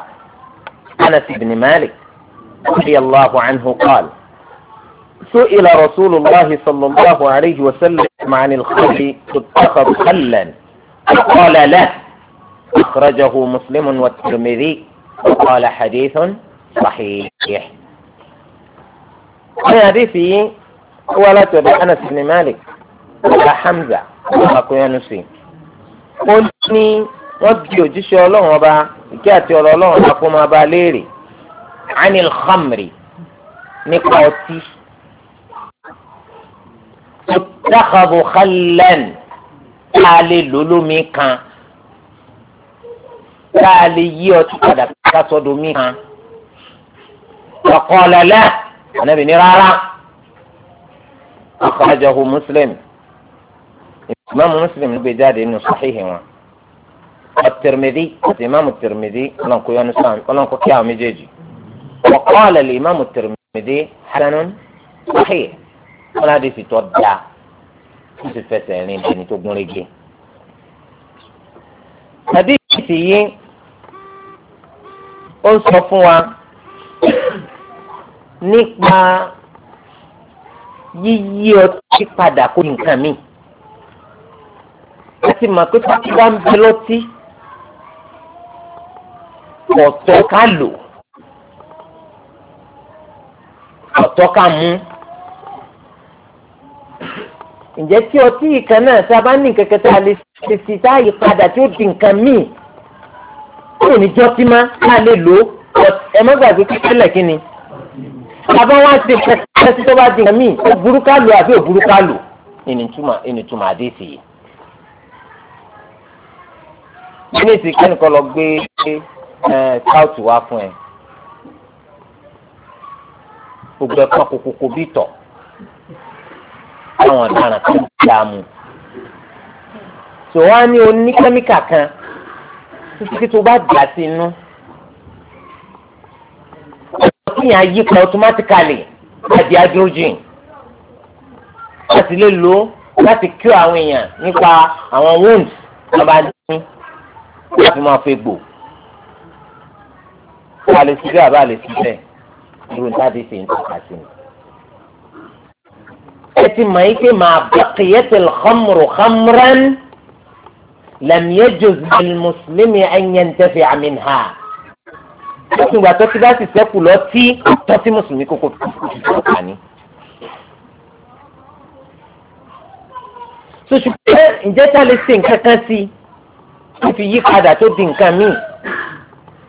Anas ibn Malik radiyallahu anhu qala. سئل رسول الله صلى الله عليه وسلم عن الخل تتخذ خلا فقال لا أخرجه مسلم والترمذي وقال حديث صحيح wọ́n yàrá ìfì yìí ó wá láti ọ̀dọ̀ Anas bin Malik ọ̀gá Hamza àkóyanu sí ó ní wọ́n di òjíṣẹ́ ọlọ́run ọba ìkí àti ọ̀rọ̀ ọlọ́run ọba kó máa ba léèrè anil khamri nípa ọtí ìtàkàbù khallan tá a lè lò kan tá a lè yí ọtí padà ká sọ́dọ̀ mi kan ọ̀kọ́ ọ̀lẹ́lẹ́ anabi ní rárá akhrajahu muslim imaamu muslim ló gbé jáde nínú sahihi wọn at-Tirmidhi àti imaamu at-Tirmidhi ọlọ́nkú yọnu sàn ọlọ́nkú kí àwọn méjèèjì wa qala al-imaamu at-Tirmidhi hasanun sahih wọn láti fi tọ́ da wọn sì fẹsẹ̀ rìn ẹni tó gún régé. hadith yìí ó sọ fún wa nípa yíyí ọtí padà kó nǹkan mi a ti mọ̀ pé pátí bá ń bẹ lọ́tí ọ̀tọ̀ ká lò ọ̀tọ̀ ká mú ǹjẹ́ tí ọtí ìkan náà tí a bá ní kẹ̀kẹ́ tá a lè ṣèṣì tá a yí padà tí ó di nǹkan míì kúrò ní jọ́sí má tá a lè lò ẹ má gbàgbé kíkẹ́lẹ̀ kí ni bàbá wa ti kẹsẹ̀ tí tó bá di ẹ̀mí ó burú ká lù àbí ó burú ká lù ìnìtúmọ̀ àdéhìí yìí. nínú ìsìn kẹ́nìkan lọ gbé táùtù wá fún ẹ gbogbo ẹ̀kọ́ kòkòkò bí tọ̀ àwọn ọ̀daràn kan dààmú tòwá ní oníkẹ́míkà kan títí tó bá dà sí inú kíyàn ayípa automatically àti adójìn láti lè lò ó láti kí àwọn èèyàn nípa àwọn wounds wọn bá dín láti máa fi gbò wọn lè síbẹ̀ àbá lè síbẹ̀ irun táàdì ṣe ń tọ́ka sí ni. ẹ ti mọ̀ yí pé màá baqiyatil khamru khamran lam yajuz lil muslimi an yantafi'a minha lókun ìgbà tó ti bá sì sẹ́kù lọ tí tó tí mùsùlùmí kókó tó kà ní. sọ̀sù pé ǹjẹ́ tá lè ṣe nǹkan kan sí tó fi yí padà tó di nǹkan míì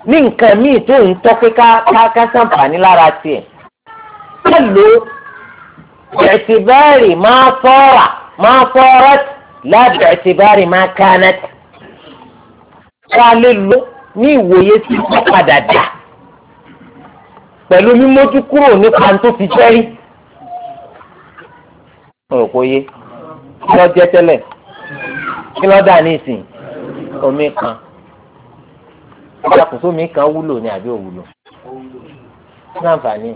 ní nǹkan míì tó ń tọ́ pé ká sàǹfààní lára tiẹ̀ ká lò máa fọ́ra máa fọ́ra lábẹ́ ẹ̀tìbárì máa kánẹ́tì ká lè lò ní ìwòye tí wọ́n padà dà pẹ̀lú mímójú kúrò nípa tó ti jẹ́ rí. mo rò pé yé kí ló jẹ́ tẹ́lẹ̀ kí ló dà ní ìsìn omi kan ìyàkùsọ mi kan wúlò ní àbí òwúlò kí ló àǹfààní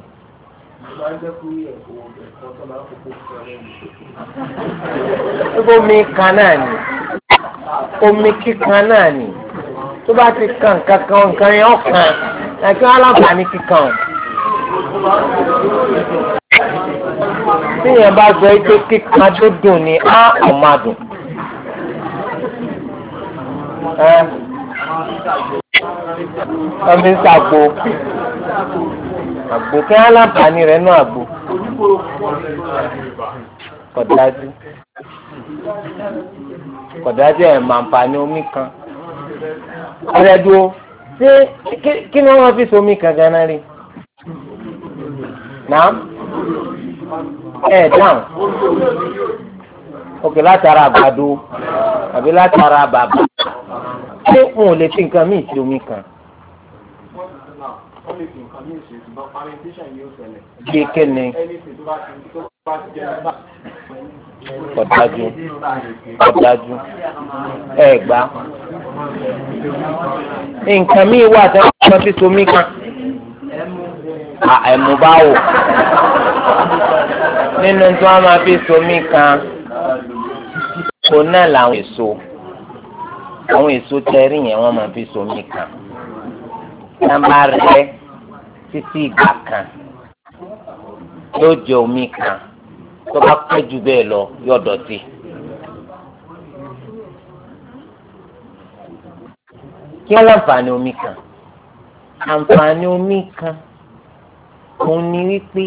yìí omi kan náà ni omi kíkan náà ni tó bá ti kàn kankan nǹkan yẹn ọ̀kan ẹ̀kí wọn aláǹfààní kíkan. tíyẹn bá gbọ́ ike kíkan tó dùn ní á ọ̀madùn. ọmọ ìsà àgbo àgbo kí wọn aláǹfààní rẹ̀ náà àgbo. kọ̀dájú kọ̀dájú ẹ̀ máa ń pa ní omi kan ọ̀rẹ́dùn o ṣé kí ni wọ́n fi somi kàngánná rí náà ẹ̀ dáhùn òkè látara àgbàdo àbí látara bàbà ṣé wọn ò lè fi nǹkan míì sí omi kan. bí kíni ọ̀dájú ọ̀dájú ẹ̀gbá. nǹkan míì wà tí wọ́n fi so mí kan ẹ̀mú bá wò nínú tí wọ́n máa fi so mí kan kò náà làwọn èso àwọn èso tẹ́rì yẹn wọ́n máa fi so mí kan nàmbà rẹ títí ìgbà kan yóò jẹ kan tó bá pẹ́ jù bẹ́ẹ̀ lọ yóò dọ̀tí. kí wọ́n láǹfààní omi kan àǹfààní omi kan òun ni wípé bí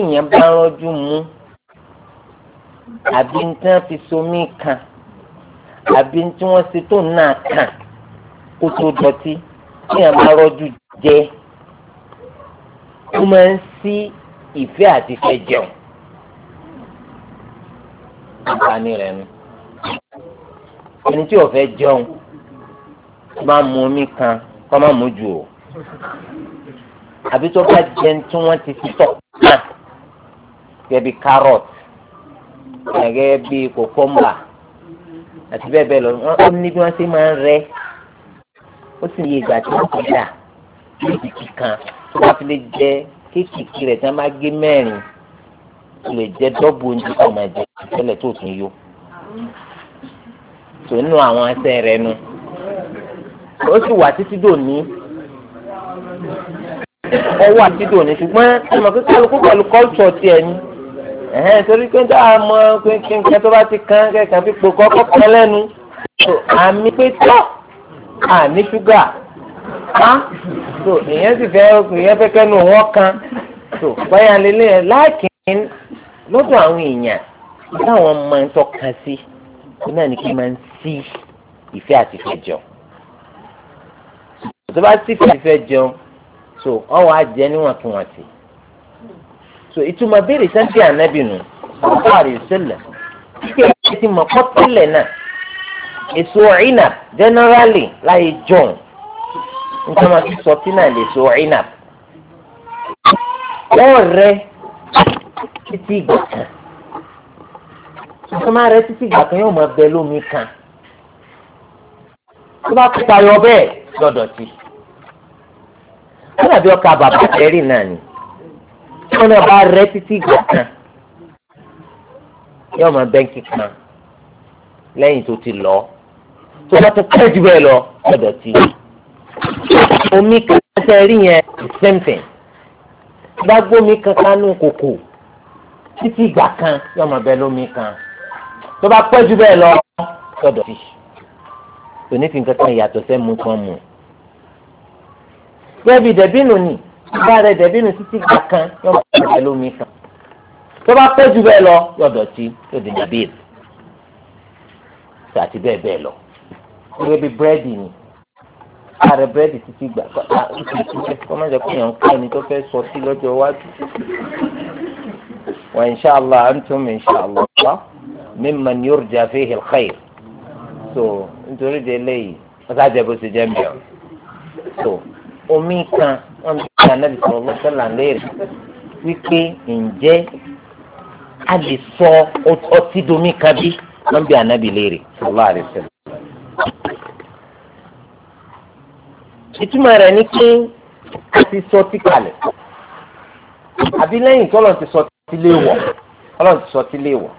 èèyàn bá rọ́jú mu àbí nǹkan fi somi kan àbí tí wọ́n ṣe tó náà kàn kó tó dọ̀tí bí èèyàn bá rọ́jú jẹ ó máa ń sí ìfẹ́ àti fẹ́ jẹun àǹfààní rẹ̀ nu ẹni tí ó fẹ́ jẹun tó bá mu omi kan kó má mu jù o àbí tó bá jẹun tí wọ́n ti fi tọ̀ náà gẹ́gẹ́ bí carrot gẹ́gẹ́ bí cucumber àti bẹ́ẹ̀ bẹ́ẹ̀ lọ ó ní bí wọ́n ṣe máa ń rẹ́ ó sì ní ìgbà tí wọ́n ti dà ní ìdìkì kan tó bá fi lè jẹ kéékìkì rẹ̀ tí wọ́n bá gé mẹ́rin o lè jẹ dọ́bù oúnjẹ tó máa jẹ tẹ́lẹ̀ tó tún yó tó nínú àwọn ẹsẹ̀ rẹ nu ó sì wà títí dòní ó wà títí dòní ṣùgbọ́n ọmọ kíkọ́ lóko pẹ̀lú kọ́lùtọ̀ tiẹ̀ ni ẹ̀hẹ́n torí pé tá a mọ kínkín tó bá ti kán kẹ́kẹ́ fi pò kọ́kọ́ kan lẹ́nu àmì pé tọ́ àní ṣúgà á tó èèyàn sì fẹ́ èèyàn fẹ́ kẹ́nu wọn kan tó báyà lélẹ̀ láàkì lọ́dọ̀ àwọn èèyàn táwọn máa ń tọ́ka sí náà ni kí n máa ń sí ìfẹ́ àti ìfẹ́ jẹun tó bá sí ìfẹ́ àti ìfẹ́ jẹun so ọwọ́ àjẹ níwọ̀ntúnwọ̀ntì so ìtumọ̀ béèrè sẹ́ńtì ànábì nù ọ̀pọ̀ àrèsílẹ̀ kíkẹ́ ẹ̀ ti mọ̀ kọ́tẹ́lẹ̀ náà èso ọ̀ìnà generally láyé john nǹkan máa fi sọtí náà lè so ọ̀ìnà wọ́n rẹ títí ìgbà kan ìfúnmá rẹ títí ìgbà kan yóò máa bẹ lómi kan tó bá kópa yọ bẹ́ẹ̀ lọ́dọ̀ tí wọ́n àbí ọkà bàbá tẹ́rì náà ni tí wọ́n náà bá rẹ títí ìgbà kan yóò máa bẹ́ǹkì kan lẹ́yìn tó ti lọ tó bá tó kẹ́ jù bẹ́ẹ̀ lọ lọ́dọ̀ tí omi kan tẹ́rì yẹn the same thing bá títí ìgbà kan yóò máa bẹ lómi kan tó bá pẹ́ jù bẹ́ẹ̀ lọ sọ̀dọ̀ fi onífin kankan ìyàtọ̀ sẹ́ mu kan mu. bẹ́ẹ̀ bí dẹ̀bínú ni bá rẹ dẹ̀bínú títí ìgbà kan yóò máa bẹ lómi kan tó bá pẹ́ jù bẹ́ẹ̀ lọ yóò dọ̀tí yóò di nàbíyèl àti bẹ́ẹ̀ bẹ́ẹ̀ lọ. gẹ́gẹ́ bí búrẹ́dì ni ààrẹ búrẹ́dì títí ìgbà kan kọ́ máa jẹ́ kó yàn ń kọ́ ẹni tó fẹ́ sọ sí lọ́jọ́ iwájú. وإن شاء الله أنتم إن شاء الله ممن يرجى فيه الخير so nítorí de eléyìí ọ̀sá àjẹbó ti jẹ́ mbíọ̀ so omi kan wọ́n ti ṣe ànábì sọ̀rọ̀ lọ́sọ̀là léèrè wípé ǹjẹ́ a lè sọ ọtí domi kan bí wọ́n bí ànábì léèrè sọ̀rọ̀ àrẹ̀sẹ̀. ìtumọ̀ rẹ̀ ni pé a ti sọ ọtí kalẹ̀ àbí lẹ́yìn tọ́lọ̀ ti sọ ọtí tí lè wọ̀ ọlọ́run ti sọ tí lè wọ̀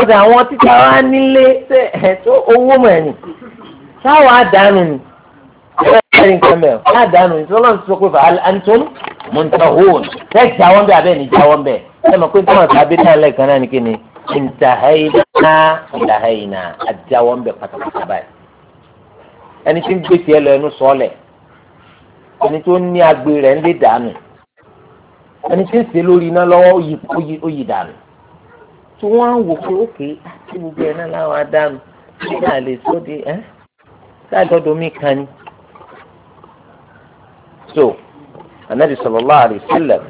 ọ̀dà àwọn títà wa nílé tó owó mọ̀ ẹ̀yìn táwọn àdánù ni ẹ̀rín kan bẹ̀ àdánù ni ọlọ́run ti sọ pé fàá anton montahon tẹ́ jáwọ́ bẹ́ẹ̀ abẹ́ ní jáwọ́ bẹ́ẹ̀ ẹ mọ̀ pé tí wọ́n sábẹ́ náà lẹ́ẹ̀kan náà ni kí ni ntahayina ntahayina àjáwọ́ bẹ́ẹ̀ pátápátá báyìí ẹni tí ń gbèsè ẹ lọ ẹnu sọ́ọ̀lẹ̀ ẹni tó ní agbèrè ń lé dànù ẹni tí ń ṣe lórí iná lọ́wọ́ ó yí dànù tí wọ́n á wò pé ókè tí gbogbo ẹ̀ náà láwọn á dànù tí náà lè tó di ẹ́ sáàdọ́dọ̀ mi kan ni. so anabi sallallahu alaihi wasallam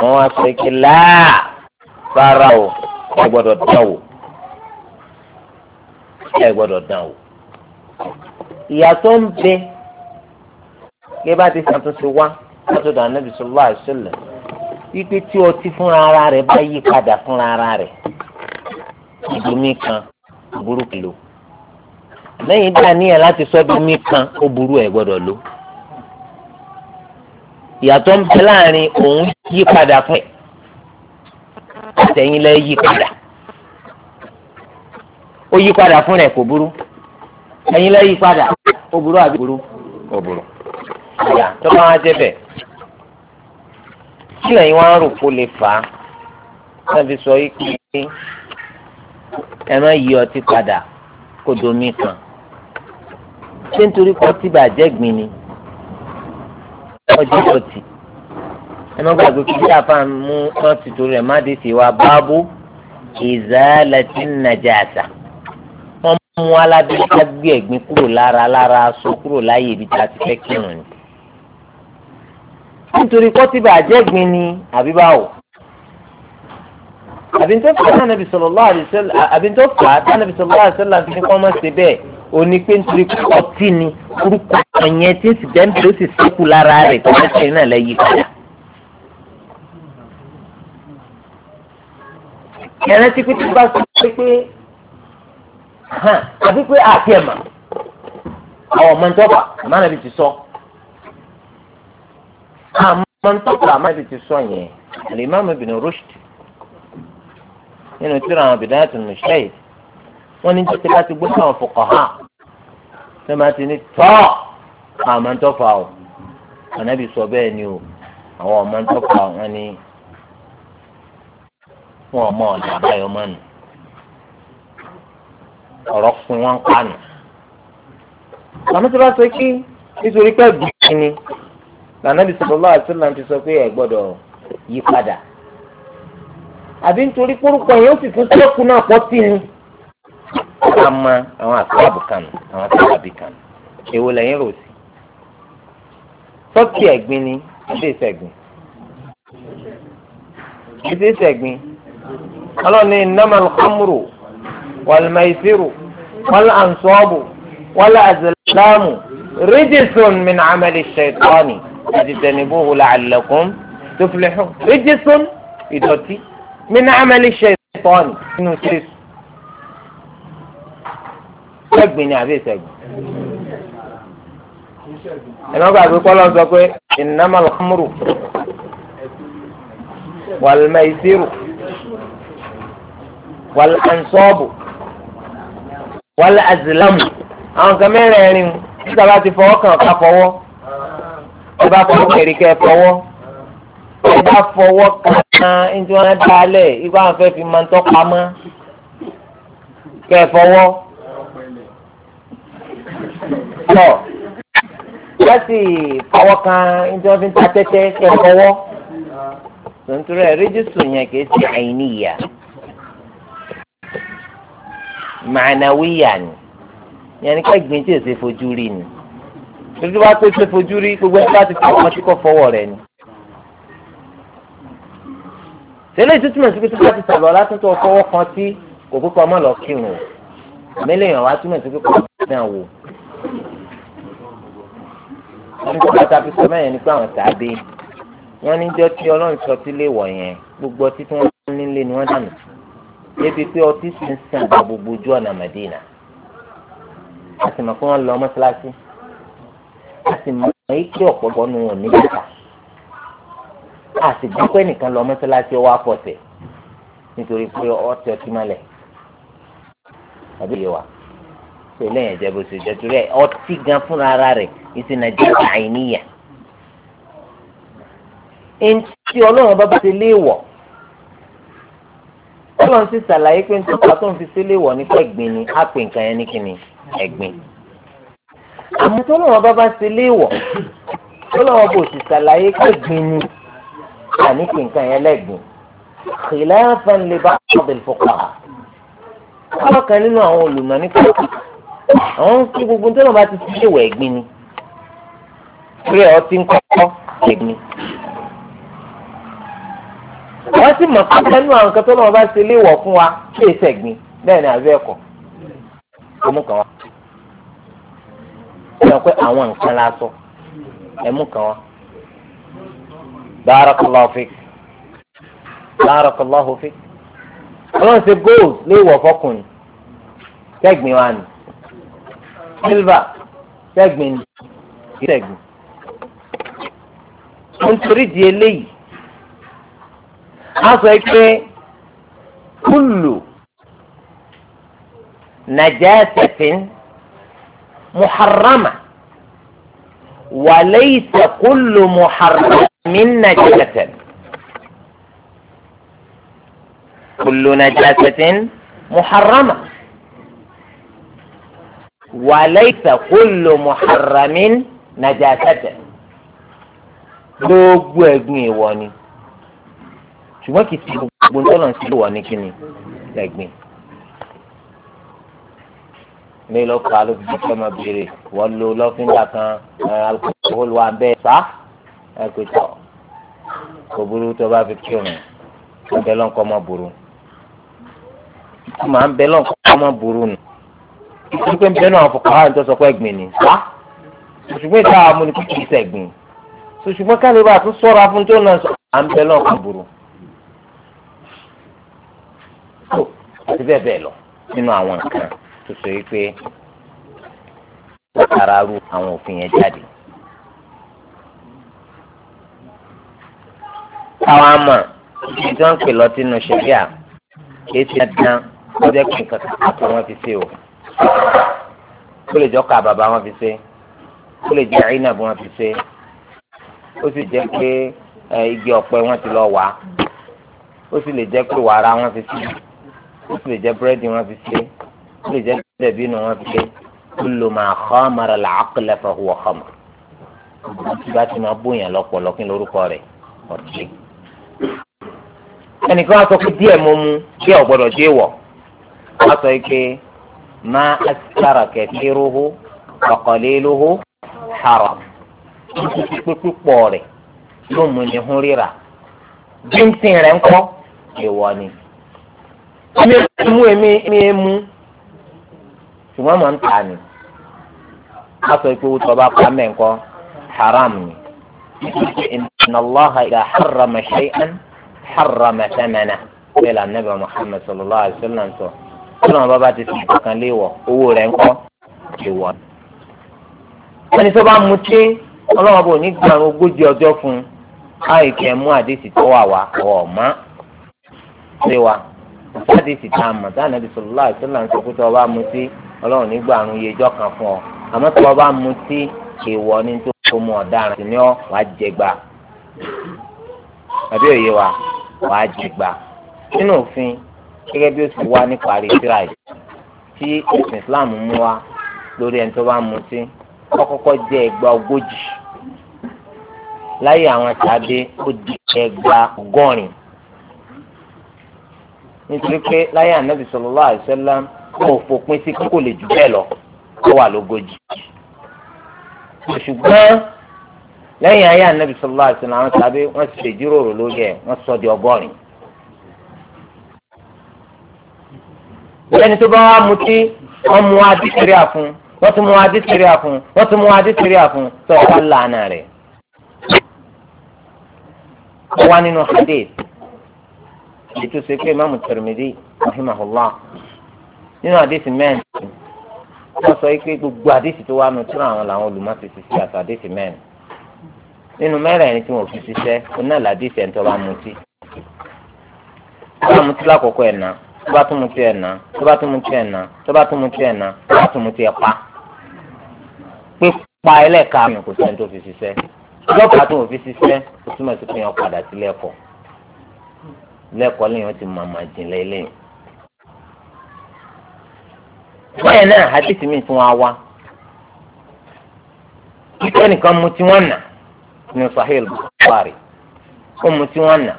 wọn wá sọ ike láà fara o ẹ gbọ́dọ̀ dán o ẹ gbọ́dọ̀ dán o ìyàtọ̀ ń bẹ gẹ́gẹ́ bá ti ṣàtúnṣe wá látọ̀dọ̀ anabi sallallahu alaihi wasallam ipe tí ọtí fúnra ara rẹ̀ bá yí padà fúnra ara rẹ̀ ìdùnmí kan burú kìlò lẹ́yìn dá níyà láti sọ́dúnmí kan ó burú ẹ̀ gbọ́dọ̀ lò ìyàtọ̀ ń bẹ láàrin òun yí padà fún ẹ̀ àtẹ̀yìn lẹ́ yí padà ó yí padà fún rẹ̀ kò burú ẹ̀yìn lẹ́ yí padà ó burú àbí burú ó burú ìyá tó bá wá jẹ́ bẹ̀. kí lẹ́yìn wá ń rò kó lè fà á náà fi sọ yìí pé ẹ má yí ọtí padà kó domi kan ṣé nítorí kọ́ tí bàjẹ́ gbìn ni ọjọ́ ọtí ẹ má gbàgbé kí bí àfáà mú nọ́ọ̀tì torí ẹ̀ má dé sí wa báàbò ìzálẹ́tì nàjàsà wọ́n mú alábí ká gbé ẹ̀gbin kúrò lára lára aṣọ kúrò láyé ibi tá a ti fẹ́ kírun ni nítorí kọ́tìbà àjẹ́gbin ni àbí báwo. àbí tó fà tánàbì sallallahu alaihi wasallam àbí tó fà tánàbì sallallahu alaihi wasallam fi kọ́ máa ṣe bẹ́ẹ̀ òní pé nítorí kọ́tì ni orúkọ ẹ̀yẹn tí ń sì jẹ́ nítorí ó sì sẹ́kù lára rẹ̀ tó bá ṣe náà lẹ́yìn padà. ẹ̀rẹ́ ti pé tí bá sọ pé pé àbí pé àti ẹ̀mà àwọn ọmọ ìjọba àmàlà ti sọ. So àmọ́ ntọ́kọ̀ àmàdì ti sọ yẹn Al-Imam Ibn Rushd nínú tíra àwọn bidayat al-mujtahid wọ́n ní títí láti gbé àwọn fuqaha tó máa ti ní tọ́ àmọ́ ntọ́fà o ànábì sọ bẹ́ẹ̀ ni o àwọn ọmọ ntọ́fà wọn ni wọn ọmọ ọ̀dà àbáyọ mọ́nu ọ̀rọ̀ fún wọn kánù àmọ́ tí wọ́n sọ kí nítorí pé bìkì ni lànàbì sallallahu alaihi wasallam ti sọ pé ẹ gbọ́dọ̀ yí padà àbí nítorí kórúkọ yẹn ó sì tún tẹ́kù náà pọ̀ sí ni ká mọ àwọn àkàbù kan àwọn àkàbù kan èwo lẹ́yìn rò sí tọ́kì ẹ̀gbin ni ẹ̀dẹ́ ìṣẹ̀gbin ẹ̀dẹ́ ìṣẹ̀gbin ọlọ́ni innamal khamru wal maisiru wal ansabu wal azlamu rijsun min amali àti tẹnibó wò la'allakum tuflihun rijsun ìdọ̀tí min amali shaytan nínú ṣe sẹ́gbìn ni àbí sẹ́gbìn. ẹ̀rọ gbàgbé kọ́lọ́ sọ pé innamal khamru wal maisiru wal ansabu wal azlamu àwọn kan mẹ́rẹ̀ẹ̀rin tí sábà ti fọwọ́ kàn ká fọwọ́ ẹ bá fọwọ́ kẹ̀rí kẹ́ fọwọ́ ẹ bá fọwọ́ kankan ẹni tí wọ́n dá lẹ̀ ikú àwọn fẹ́ fi máa ń tọ́pa mọ́ kẹ́ fọwọ́. lọ wọ́n sì fọwọ́ kan ẹni tí wọ́n fi ń ta tẹ́tẹ́ kẹ́ fọwọ́ tontoro ẹ rẹjísù yẹn kìí ṣe àìníyà màánàwíyà ni yẹn ni ká gbin tí èsè fojú rí ni torí wá pé ṣe fojú rí gbogbo ẹni láti fi ọmọ tí kò fọwọ́ rẹ̀ ni. tẹ́lẹ̀ tó túmọ̀ sí pé tó bá ti sàlọ́ látúntò fọwọ́ kan tí kò pípa ọmọ lọ kírun o mẹ́lẹ̀ yàn wá túmọ̀ sí pé kò náà wò. wọ́n ní kí wọ́n tàbí sọ mẹ́rin nípa àwọn tàbí wọ́n ní jọ́ tí ọlọ́run sọ sílé wọ̀ yẹn gbogbo ọtí tí wọ́n nílé ni wọ́n dànù débi pé ọtí sì ń sàn gbogbo ojú ọ̀nà Mẹ́dínà a sì mọ̀ pé wọ́n lọ mọ́ṣáláṣí a sì mọ èyí pé ọ̀pọ̀lọpọ̀ nu òní bàtà a sì gbọ́ pé nìkan lọ mọ́sálásí ọwọ́ àpọ̀tẹ̀ nítorí pé ọtí ọtí mọ́lẹ̀ tàbí ìyẹwà tó lẹ́yìn ẹ̀jẹ̀ bó ṣe jẹ́ torí ẹ̀ ọtí gan fúnra ara rẹ̀ ìsìn nàìjíríà àìníyà ẹni tí ọlọ́run bá bá ti léèwọ̀ ọlọ́run sì ṣàlàyé pé nítorí pàtó ń fi sílé wọ̀ nípa ẹ̀gbin ni á pè nǹkan yẹn ní kíni ẹ̀gbin àmọ́ tó lọ́wọ́ bá bá ṣe léèwọ̀ tó lọ́wọ́ bò sì ṣàlàyé kẹ́gbin ni àní kì í kan yẹn lẹ́gbin khilafan li ba'd al-fuqaha àwọn kan nínú àwọn olùmọ̀ nípa àwọn kí gbogbo tó lọ́wọ́ bá ti ṣe léèwọ̀ ẹ̀gbin ni rẹ̀ ọ ti ń kọ́ ẹ̀gbin. wọ́n sì mọ̀ pé nínú àwọn kan tó lọ́wọ́ bá ṣe léèwọ̀ fún wa kí èsì ẹ̀gbin bẹ́ẹ̀ ni àbẹ́ ẹ̀kọ́ sọ pé àwọn nǹkan la sọ ẹ mú kan wá. barakallahu fik barakallahu fik ọlọ́run ṣe gold ló wọ̀ fọkùnrin tẹ́gbìn wa ni silver tẹ́gbìn ni kì í tẹ́gbìn. nítorí di eléyìí a sọ pé kúlù nàìjíríà tẹ̀sìn. محرمة، وليس كل محرم من نجاة، كل نجاة محرم، وليس كل محرم najasatan kúlù najasatin muharrama wàlẹ́yìísẹ̀ kúlù muharramin najasatan gbogbo ẹ̀gbin ìwọ ni ṣùgbọ́n kìí ti gbogbo ntọ́nà sí ìwọ ni kí ni ní lọ́kọ̀ alóbìnrin fẹ́ máa béèrè wọ́n lo lọ́fíńdà kan alukóhol wa bẹ́ẹ̀ sá ẹ pé tọ́ kò burú tó bá fi kírun bẹ́ẹ̀ lọ́nkọ́ máa burú màá bẹ́ẹ̀ lọ́nkọ́ máa burú nù ìtú pé bẹ́ẹ̀ náà fọkàn áhùn tó sọ pé ẹ̀gbìn ni sá ṣùgbọ́n ìta àwọn ni kò kì í sẹ̀gbìn ṣùgbọ́n kálíbà tó sọ̀rọ̀ fún tó náà sọ à ń bẹ́ẹ̀ lọ́nkọ́ burú àti bẹ́ẹ̀ bẹ́ẹ̀ lọ nínú àwọn nǹkan tó so yìí pé ó tara ru àwọn òfin yẹn jáde. táwọn àmọ̀ ibi tí wọ́n ń pè lọ́tí nu ṣẹ̀ríà kìí ṣe dandan ó jẹ́ pé nǹkan kan kó wọ́n fi ṣe o. ó lè jọ ká bàbá wọn fi ṣe ó lè jẹ́ àyínà bí wọ́n fi ṣe ó sì jẹ́ pé igi ọ̀pẹ wọn ti lọ wá ó sì lè jẹ́ pé wàrà wọn fi ṣe ó sì lè jẹ́ búrẹ́dì wọn fi ṣe ó lè jẹ́ dẹ̀bí nù wọn fi ké kullu ma khamara al-aqla fa huwa khamr tí bá ti máa bóyá lọ́pọ̀lọ́ kí lórúkọ rẹ̀ ọ̀tí. ẹnìkan á sọ pé díẹ̀ mo mu díẹ̀ ò gbọ́dọ̀ dé wọ̀ wọ́n sọ pé ma askara kathiruhu wa qaliluhu haram títí pé púpọ̀ rẹ̀ ló mu ní hún ríra bíntín rẹ̀ ń kọ́ èèwọ̀ ni. mi ò mú èmi èmi èmu ṣùgbọ́n mọ̀ ń tà ní wọ́n sọ pé owó tó bá pa mẹ́ǹkọ́ haram ni inna allaha idha harrama shay'an harrama thamana bẹ́ẹ̀ la nabi muhammed sallallahu alayhi wa sallam sọ kí lóun bàbá ti sìn kankan léèwọ̀ owó rẹ̀ ńkọ́ léèwọ̀. ẹni tó bá mutí ọlọ́wọ́n bò ní gbàrún ogójì ọjọ́ fún un káyì kí ẹ mú àdéhìí tó wà wá ọ̀ọ́má léwa àdéhìí tá a mọ̀ tá a nàbì sallallahu alayhi wa sallam sọ pé tó o bá mutí ọlọ́run nígbà àrùn yẹjọ́ kan fún ọ àmọ́ tí wọ́n bá mutí èèwọ̀ ní tó kó mu ọ̀daràn sí ni ọ wà á jẹ gbà àbí òye wa wà á jẹ gbà nínú òfin gẹ́gẹ́ bí ó sì wá nípa rìsíra tí ẹ̀sìn Islam mú wa lórí ẹni tó bá mutí wọ́n kọ́kọ́ jẹ ẹgbà ogójì láyé àwọn sábẹ́ ó di ẹgbà ọgọ́rin nítorí pé láyé ànábì sallallahu alaihi wasallam kó o fòpin sí kó lè jù bẹ́ẹ̀ lọ kó wà lógójì. ṣùgbọ́n lẹ́yìn ayé anabi sallallahu alaihi wasallam àwọn sábẹ́ wọ́n sì lè jíròrò lórí ẹ̀ wọ́n sọ di ọgọ́rin. ẹni tó bá wá mutí wọ́n mú adísírí àfún wọ́n tún mú adísírí àfún wọ́n tún mú adísírí àfún tó ọ̀pá làánà rẹ̀. wọ́n wá nínú hadith ètò ìsèké imáàmù Tirmidhi rahimahullah nínú àdéhìsì mẹ́rin wọ́n sọ pé gbogbo àdéhìsì tó wà nù tíra àwọn làwọn olùmọ̀tìsí sí àti àdéhìsì mẹ́rin nínú mẹ́rẹ̀ẹ̀rin tí wọ́n fi ṣiṣẹ́ oná làdéhìsì ẹ̀ ń tọ́ bá mutí tó bá mutí lákòókò ẹ̀ náà tó bá tún mutí ẹ̀ náà tó bá tún mutí ẹ̀ náà tó bá tún mutí ẹ̀ náà tó bá tún mutí ẹ̀ pa pé pa ẹlẹ́ka kò sẹ́ni tó fi ṣiṣẹ́ ọlọ́pàá tó fi ṣiṣẹ́ ó túmọ̀ sí pé wọ́n padà sí lẹ́kọ̀ọ́ lẹ́kọ̀ọ́ lẹ́yìn wọ́n ti mọ̀ àmàjìnlẹ̀ lẹ́yìn báyẹn náà hadith mi tún wá wá ìpè nìkan mu tí wọ́n nà ní Sahih Bukhari ó mu tí wọ́n nà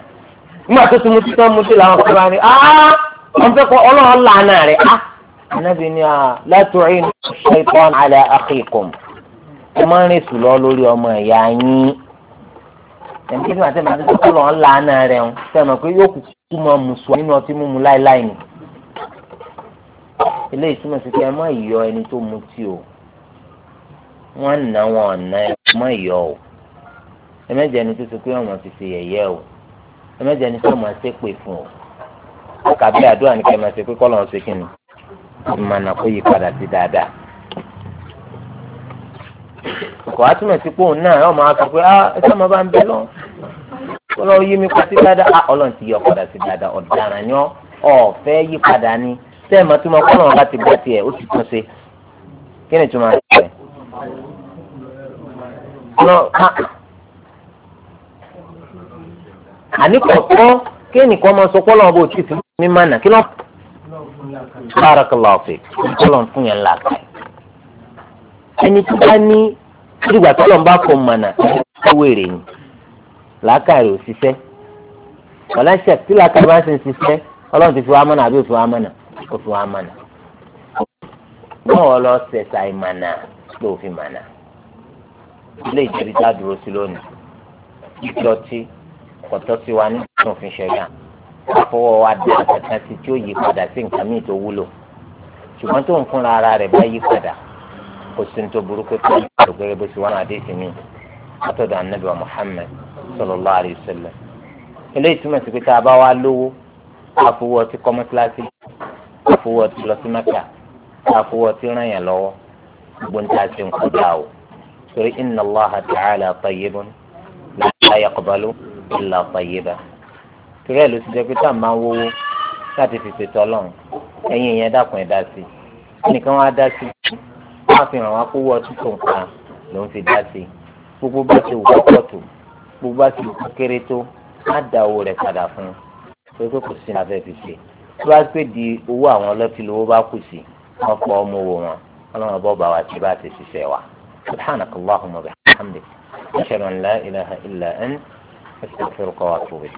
nígbà tó ti mu tí mu tí làwọn kan bá rí wọ́n fẹ́ kọ́ ọlọ́run anabi ni máa ń rìn lórí ọmọ yín kọ́ ọlọ́run rẹ̀ ń sẹ́nu pé yóò kú kú mọ́ nínú ọtí mímu láéláé eléyìí túmọ̀ sí pé ẹ má yọ ẹni tó mutí o wọ́n nà wọn ọ̀nà ẹ má yọ o ẹ mẹ́jẹ ẹni tó sọ pé ọmọ ti ṣe yẹ̀yẹ́ o ẹ mẹ́jẹ ẹni tó ọmọ ṣe pè fún o kàbí àdúrà ní kẹ́ ẹ máa ṣe pé kọ́ lọ́n ṣe kí ni ìmọ̀nà kó yí padà sí dáadáa kò á túmọ̀ sí pé òun náà ọmọ akọ pé ah ẹ sọ́mọ bá ń bẹ lọ ọlọ́run yí mi padà sí dáadáa ah, ọlọ́run ti yọ padà sí dáadáa ọ̀daràn yọ ọ̀fẹ́ yí tẹ́ ẹ̀ mọ̀ tí mo kọ́ lọ́wọ́ láti bá tiẹ̀ ó ti tún ṣe kí ni ìtumọ̀ rẹ̀? àníkọ̀ọ́kọ́ kí nìkan máa sọ kọ́ lọ́wọ́ bó ti fi mí má nà kí lọ́ bárakàlá ọ̀fẹ́ kí lọ́n fún yẹn làkà ẹni tó bá ní ìdìgbà tó lọ́n bá fọ mọ̀nà ìwé rẹ̀ ni làákàrẹ̀ ò ṣiṣẹ́ ọ̀làṣẹ̀ tí làákàrẹ̀ bá ṣe ń ṣiṣẹ́ ọlọ́run ti fi wá mọ̀nà àbí òfin wá mọ̀nà kó tó wá sẹ̀sà ìmànà ló mànà ilé ìjẹ́bi a dúró sí lónìí ìjọtí kọ̀tọ́ sí wa nínú òfin ṣẹ̀yà àfọwọ́ wa dá kankan sí tí ó yí padà sí nǹkan míì tó wúlò ṣùgbọ́n tó ń fúnra ara rẹ̀ bá yí padà kò sí ní tó burúkú tó ń bá gẹ́gẹ́ bó ti wá náà déètì míì látọ̀dọ̀ anábì wa Muhammad sallallahu alaihi wasallam eléyìí túmọ̀ sí pé tá a bá wá lówó àfọwọ́ ti kọ́ mọ́síláṣí àfọwọ́ ti lọ sí mẹ́kà àfọwọ́ ti ràn yẹn lọ́wọ́ gbogbo ń ta sí nǹkan dá o torí inna Allaha ta'ala tayyibun la yaqbalu illa tayyiba torí ẹ̀ ló ti jẹ́ pé tá a máa ń wówó láti fi ṣètò ọlọ́run ẹ̀yin ìyẹn dàkún ẹ̀ dá sí i nìkan wá dá sí i wọ́n á fi hàn wá kówó ọtún tó nǹkan lòún ti dá sí i gbogbo bá ti wù kọ́kọ́ tó gbogbo bá ti wù kéré tó má da owó rẹ̀ padà fún un pé kò sí abẹ́ fi ṣe tó bá pè di owó àwọn ọlọ́tí lówó bá kù sí wọn kọ́ ọmọ owó wọn ọlọ́run ọba ọba wa ti bá ti ṣiṣẹ́ wa subhanaka allahumma wa bihamdik ashhadu an la ilaha illa ant ṣe tó kò ṣe gbòòdì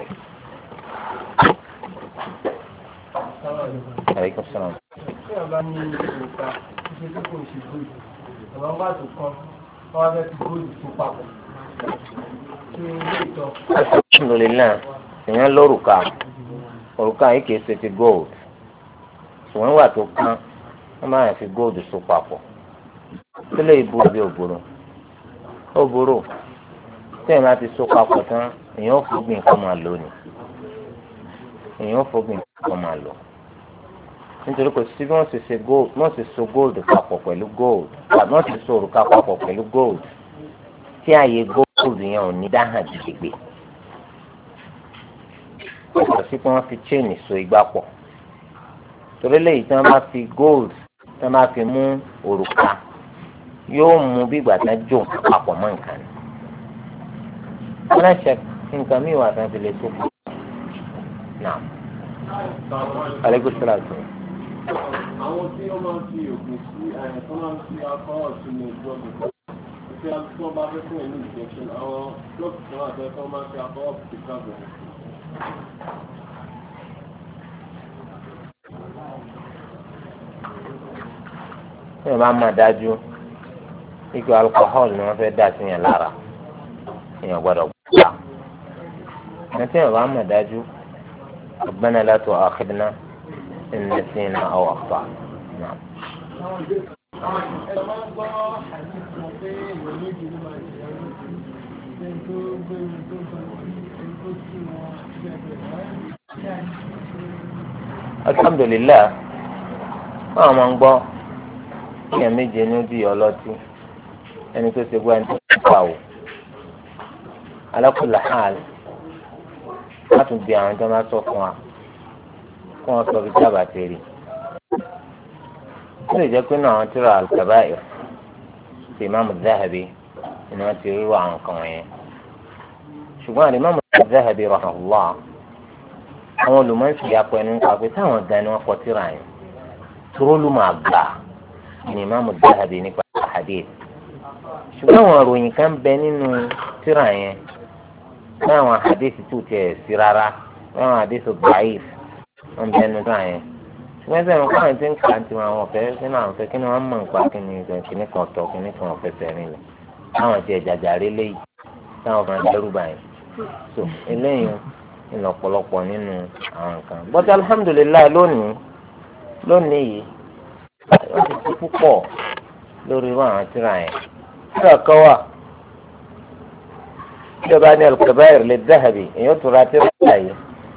ọba alhamdulilayi èèyàn lórúkà òrùka yìí kìí ṣe ti gold ṣùgbọ́n wà tó kán wọ́n máa fi gold so papọ̀ tó lè bu ibi òbòrò òbòrò tí èèyàn bá ti so papọ̀ tán èèyàn ò fògbìn kan máa lò ní èèyàn ò fògbìn kan máa lò nítorí kò sí bí wọ́n ṣe ṣe gold wọ́n ṣe so gold papọ̀ pẹ̀lú gold wọ́n ṣe so òrùka papọ̀ pẹ̀lú gold tí ààyè gold yẹn ò ní dáhà gbègbè kò sọ sí pé wọ́n fi chain so igbá pọ̀ torí lèyí tí wọ́n bá fi gold tí wọ́n bá fi mú òrùka yóò mú bí tí wọ́n jò papọ̀ mọ́ nǹkan ni. wọ́n náà ṣe nǹkan mí wà fún ìfilẹ̀ tó kù. náà alẹ́kùn sílá tó. àwọn tí wọ́n máa fi òògùn sí àyẹ̀kọ́ eh, máa ń fi akọ́wọ̀ sínú ojú ọ̀gbìn tí wọ́n bá fẹ́ fún ẹ̀mí ìjẹ́sìn àwọn dókítà àti ẹ̀kọ́ máa ń fi akọ́wọ̀ sí káàbọ̀ tí wọn bá mọ dájú ikú alukóhólù ni wọn fẹẹ dà sí yẹn lára èèyàn gbọ́dọ̀ gbà wọn tí wọn bá mọ dájú ọgbẹni látọ àkìdínà ẹni sí iná ọwọ fà náà. Thank you alhamdulilayi wọn àwọn máa ń gbọ́ èèyàn méje ní ó di ọlọ́tí ẹni tó ṣe gbọ́ ẹni tó ń pa o alákùlà hàn látún bí àwọn tó máa sọ fún wa kí wọ́n sọ fi jábà tèrè ó lè jẹ́ pé náà àwọn tíra àlùkàbáyé ti máàmù Zahabi ni wọ́n ti rírọ àwọn kan wọ̀nyẹn ṣùgbọ́n àlìmọ́mù Zahabi rahimahullah àwọn olùmọ̀ ń fi apọ̀ ẹnu nípa pé táwọn gan ni wọ́n kọ tírà yẹn turolu máa gbà ní ìmáàmù Zahabi nípa hadith ṣùgbọ́n àwọn ìròyìn kan bẹ nínú tírà yẹn láwọn hadith tó tiẹ̀ sí rárá láwọn hadith bàáyìí wọ́n bẹ nínú tírà yẹn ṣùgbọ́n sẹ́yìn kọ́ àwọn tí ń kà á ti wọn àwọn ọ̀fẹ́ sínú àwọn ọ̀fẹ́ kí ni wọ́n mọ̀ nípa kí ni kìnnìkan ọ̀tọ̀ kìnnìkan ọ̀fẹ́ sẹ́rin lẹ̀ láwọn ti ẹ̀ jàjà rí léyìí táwọn fẹ́ẹ́ dẹ́rù báyìí so eléyìí ìlọ ọ̀pọ̀lọpọ̀ nínú àwọn nǹkan bọ́tí alihamudulilayi lónìí lónìí yìí wọ́n ti ti púpọ̀ lórí irú àwọn tíra yẹn tíra kan wà tíjọba ní al-kabā'ir lid-Dhahabī èyàn tó ra tíra yìí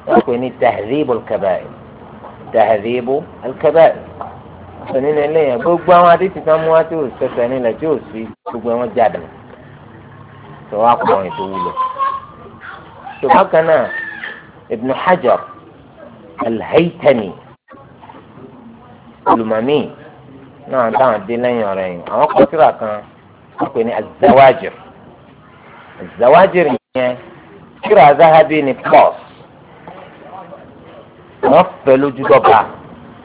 wọ́n pè ní tahdhību al-kabā'ir tahdhību al-kabā'ir sọ nínú eléyìí gbogbo àwọn adétì kan mú wá tí ò sẹsẹ nílẹ̀ tí ò sí gbogbo àwọn jáde tó wá pọ̀ ètò wúlò ṣùgbọ́n ابن حجر ibn hajar alhaitami olùmọ̀mí náà táwọn dé lẹ́yìn ọ̀rẹ́ yìí àwọn kọ tírà kan wọ́n pè ní azawajir azawajir yẹn tírà zahabi ni plus wọ́n fẹ́ lójú dọ́gba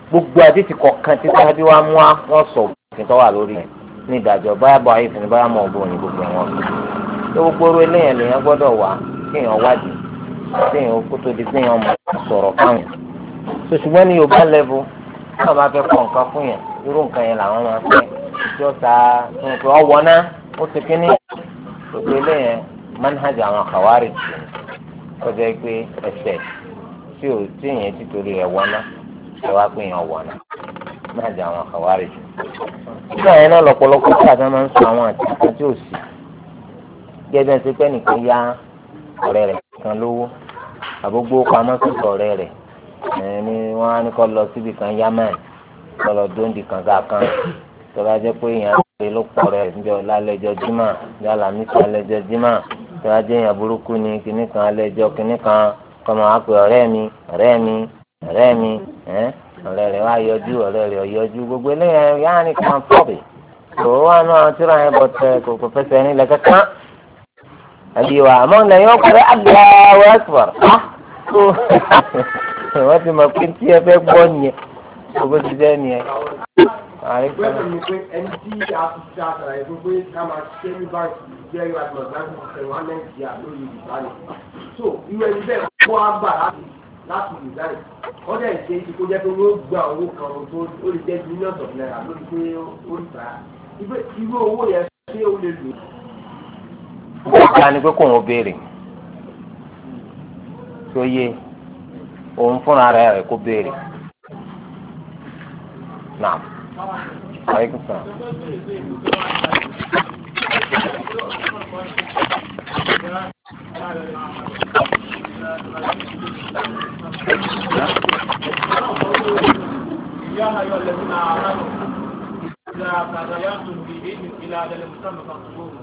gbogbo àdìsí kọ̀ọ̀kan tí zahabi wa mú wa wọ́n sọ òfin tó lórí rẹ̀ ní ìdájọ́ báyà bọ̀ àyè fún mi báyà ní gbogbo wọn. tó gbogbo eléyàn lèyàn gbọ́dọ̀ wà kéèyàn wádìí kéèyàn kó tó di kéèyàn mọ̀ sọ̀rọ̀ fáwọn so ní yorùbá lẹ́bù náà máa fẹ́ kọ́ nǹkan fún yẹn irú nǹkan yẹn làwọn máa fẹ́ tí ó ta nǹkan ọwọ́ náà ó ti kíní manhaj àwọn àkàwárí pé ẹsẹ̀ ọ̀rẹ́ rẹ̀ kan lówó àbógbó pamọ́ sọ̀tọ̀ ọ̀rẹ́ rẹ̀ ẹ̀ ni wọ́n á ní kọ́ lọ síbi kan yámẹ́ẹ̀ kọ́ dóńdì kan kan tọ́lá jẹ́ pé èèyàn àgbẹ̀ ló pọ̀ rẹ̀ níjọ́ lálẹ́jọ́ alẹ́jọ́ tọ́lá jẹ́ èèyàn burúkú ni kinní kan alẹ́jọ́ kinní mi ọ̀rẹ́ mi ọ̀rẹ́ mi ẹ́ ọ̀rẹ́ rẹ̀ wá yọjú ọ̀rẹ́ gbogbo eléyàn kan pọ̀ àbíwá àmọ́ lẹ́yìn ọkùnrin aláwọ̀ ẹ̀sùn tó wọ́n ti mọ̀ pé tí ẹ fẹ́ gbọ́ nìyẹn gbogbo ti jẹ́ nìyẹn. láti resign wọ́n dẹ̀ ṣe ti kó jẹ́ pé wọ́n gba owó kan tó ó lè jẹ́ mílíọ̀nù náírà lórí pé ó ń ta irú owó yẹn ṣé ó lè lò ọ̀gá ni pé kò wọ́n béèrè tó yé òun fúnra rẹ̀ kó béèrè náà aleykum salaam. يا أيها الذين آمنوا إذا تداينتم بدين إلى أجل مسمى فاكتبوه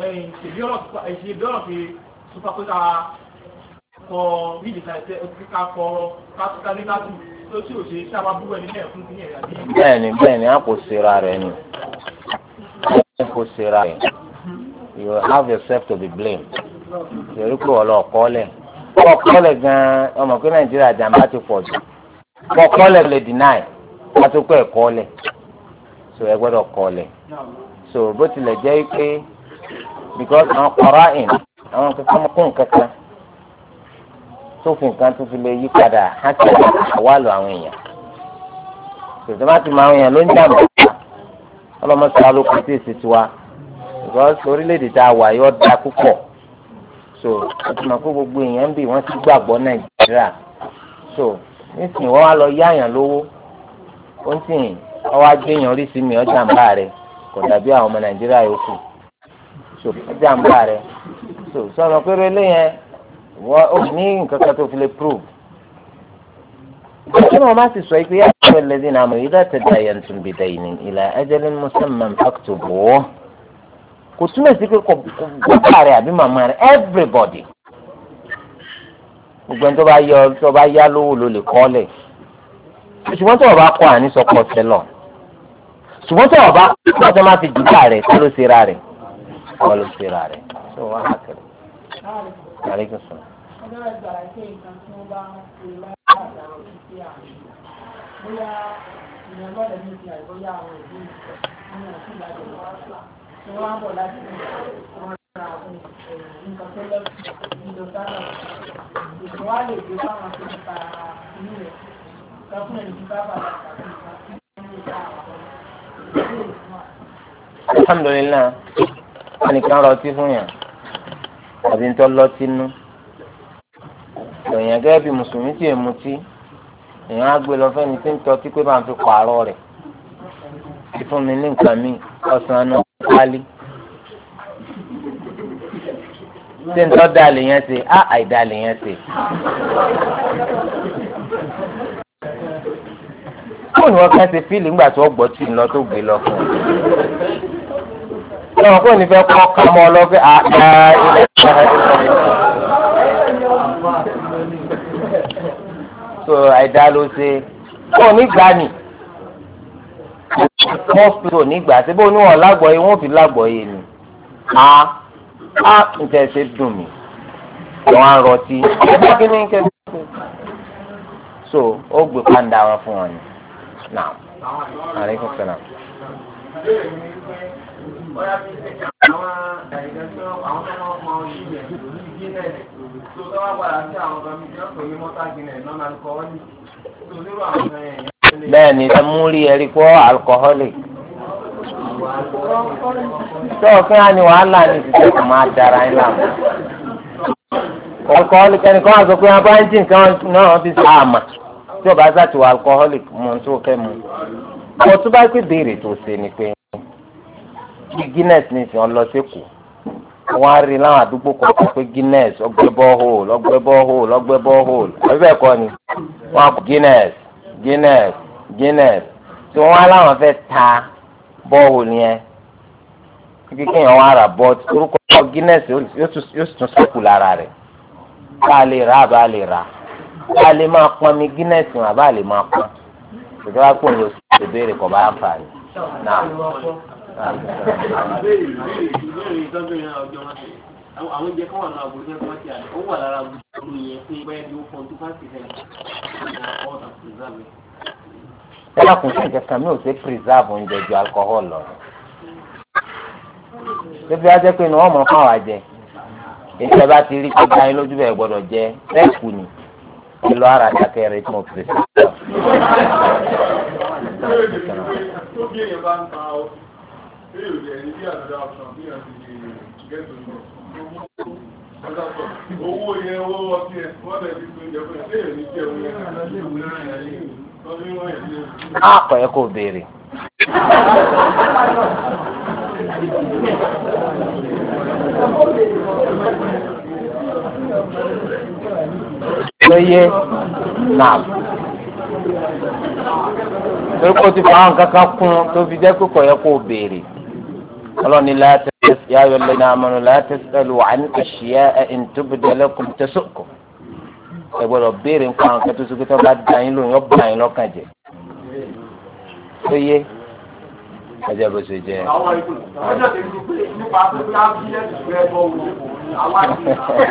ṣe bí ọ̀rọ̀ fi sùpàkúta kọ bẹ́ẹ̀ni bẹ́ẹ̀ni a kò ṣera rẹ ni a kò ṣera rẹ you have yourself to be blamed torí pé ọ̀lọ́ ọ̀kọ́lẹ̀ ọ̀kọ́lẹ̀ gan-an ọmọ pé nàìjíríà jàǹbá ti pọ̀ jù ọ̀kọ́lẹ̀ lè deny wọ́n tún kọ́ ẹ̀kọ́lẹ̀ so ẹ gbọ́dọ̀ kọ́lẹ̀ so bó tilẹ̀ jẹ́ pé because àwọn kọ̀ọ̀rọ̀ àìn àwọn kankan kún kankan sófin kan tó fi lè yí padà hákì àwálò àwọn èèyàn tòtò bá ti mọ àwọn èèyàn ló ń dààmú ọlọmọsọ alókùn sí èsì tiwa because orílẹ̀-èdè tá a wà yọ da púpọ̀ so wọ́n ti mọ̀ pé gbogbo èèyàn ń bì wọ́n ti gbàgbọ́ nàìjíríà so nísìnyí wọ́n wá lọ yá àyàn lówó ó ń tì í ọwọ́ ajé èèyàn orí sí mi ọjà ń bá rẹ̀ kò dàbí àwọn ọmọ nàìjíríà yòókù so jàǹbá rẹ̀ so sọ̀rọ̀ péré léyìn wọ́n ó ní nǹkan kan tó fi lè prove kí wọ́n má sì sọ pé yàtọ̀ ẹlẹ́dì náà mọ̀ ìdá tẹ̀dá yẹn tún bí dẹ́yìn ìlà ajalin musamman faktubu kò túmọ̀ sí pé kò bàbá rẹ̀ àbí màmá rẹ̀ everybody gbogbo ẹni tó bá yọ tó bá yá lówó ló lè kọ́ lẹ̀ ṣùgbọ́n tó o bá kọ́ àní sọ pọ̀ tẹ́lọ̀ ṣùgbọ́n tó o bá kọ́ tó má fi jìbá rẹ̀ kí ló ṣe ra rẹ̀. wal firare so wa haka ne alaikum salam alhamdulillah wọn nìkan rọtí fún yàn àbí ń tọ́ lọ́tí nú èèyàn gẹ́gẹ́ bí mùsùlùmí tí èèmù tí èèyàn á gbé lọ fẹ́ni tí ń tọ́tí pé máa fi pààrọ̀ rẹ̀ ti fún mi ní nǹkan mi ọ̀sán náà wálé ṣé ń tọ́ da lèyàn ṣe á àìda lèyàn ṣe. kóònù ọkàn ṣe fíìlì ńgbà tó gbọ́ tì ń lọ tó gbé lọ fún un ẹ̀rọ kò ní fẹ́ kọ́ ká mọ́ ọlọ́fẹ́ àdá ilẹ̀ ìṣẹ̀lẹ̀ so àìdá ló ṣe kò ní gbà ní mọ́sítò nígbà tí bó ní wọn lágbọ̀ọ́yé wọn ò fi lágbọ̀ọ́yé ni a a ń tẹ̀sẹ̀ dùn mí wọn á rọtí ẹgbẹ́ kí ni kẹ́ so ó gbé pàǹdà wọn fún wọn ni naam aleykum salaam. ìbéèrè mi wípé bóyá bí àwọn ẹ̀yìnkẹ́ tí tó tọ́wọ́ padà sí àwọn ni samúrí kò máa pé abáyé nǹkan náà ti tí bá mọ̀ tó kẹ́ àwọn tó bá pè béèrè tó ṣe ni pé bí Guinness ní ìsìn ọlọ sí kù wọn á rí láwọn àdúgbò kọ̀ọ̀kan pé Guinness ọgbẹ́ bọ́ọ̀hóòlù ọgbẹ́ bọ́ọ̀hóòlù ọgbẹ́ bọ́ọ̀hóòlù àbí bẹ́ẹ̀ kọ́ ni wọn á kọ Guinness Guinness Guinness tí wọn á láwọn fẹ́ ta bọ́ọ̀hóòlù yẹn kí kéèyàn wá rà bọ́ orúkọ Guinness yóò tún sẹ́kù lára rẹ̀ bá a lè rà bá a lè rà bá a lè máa pọn mi Guinness wọn àbá a lè máa pọn ìjọba wá pòun ló ṣe béèrè ní. àwọn oúnjẹ kan wà lára kò sí ìjẹta mi ò sí pírísàvì oúnjẹ ju alcohol lọ. bíbí a jẹ́ pé inú wọn mọ̀ fún àwọn àjẹ. èyí ṣe bá ti rí pé báyìí lójú bẹ́ẹ̀ gbọ́dọ̀ jẹ bẹ́ẹ̀ kù ni. e lo arranca até ritmo preciso. owó yẹn ah, ọtí ẹ wọ́n Thank you. lóye náà torí kò ti fọ àwọn kankan kún tó fi jẹ́ pé kò yẹ kó béèrè ọlọ́ni látẹ̀sẹ̀ yá yọ lẹ́nu àmọ́nù látẹ̀sẹ̀ lù wà ní àṣìyá ẹ̀ǹ tó bẹ̀rẹ̀ lẹ́kùn tẹ̀sọ̀kọ̀ ẹ gbọ́dọ̀ béèrè nǹkan àwọn kan tó so pé tó bá da yín lóyún ọba yín lọ́kàn jẹ́ lóye ọjọ́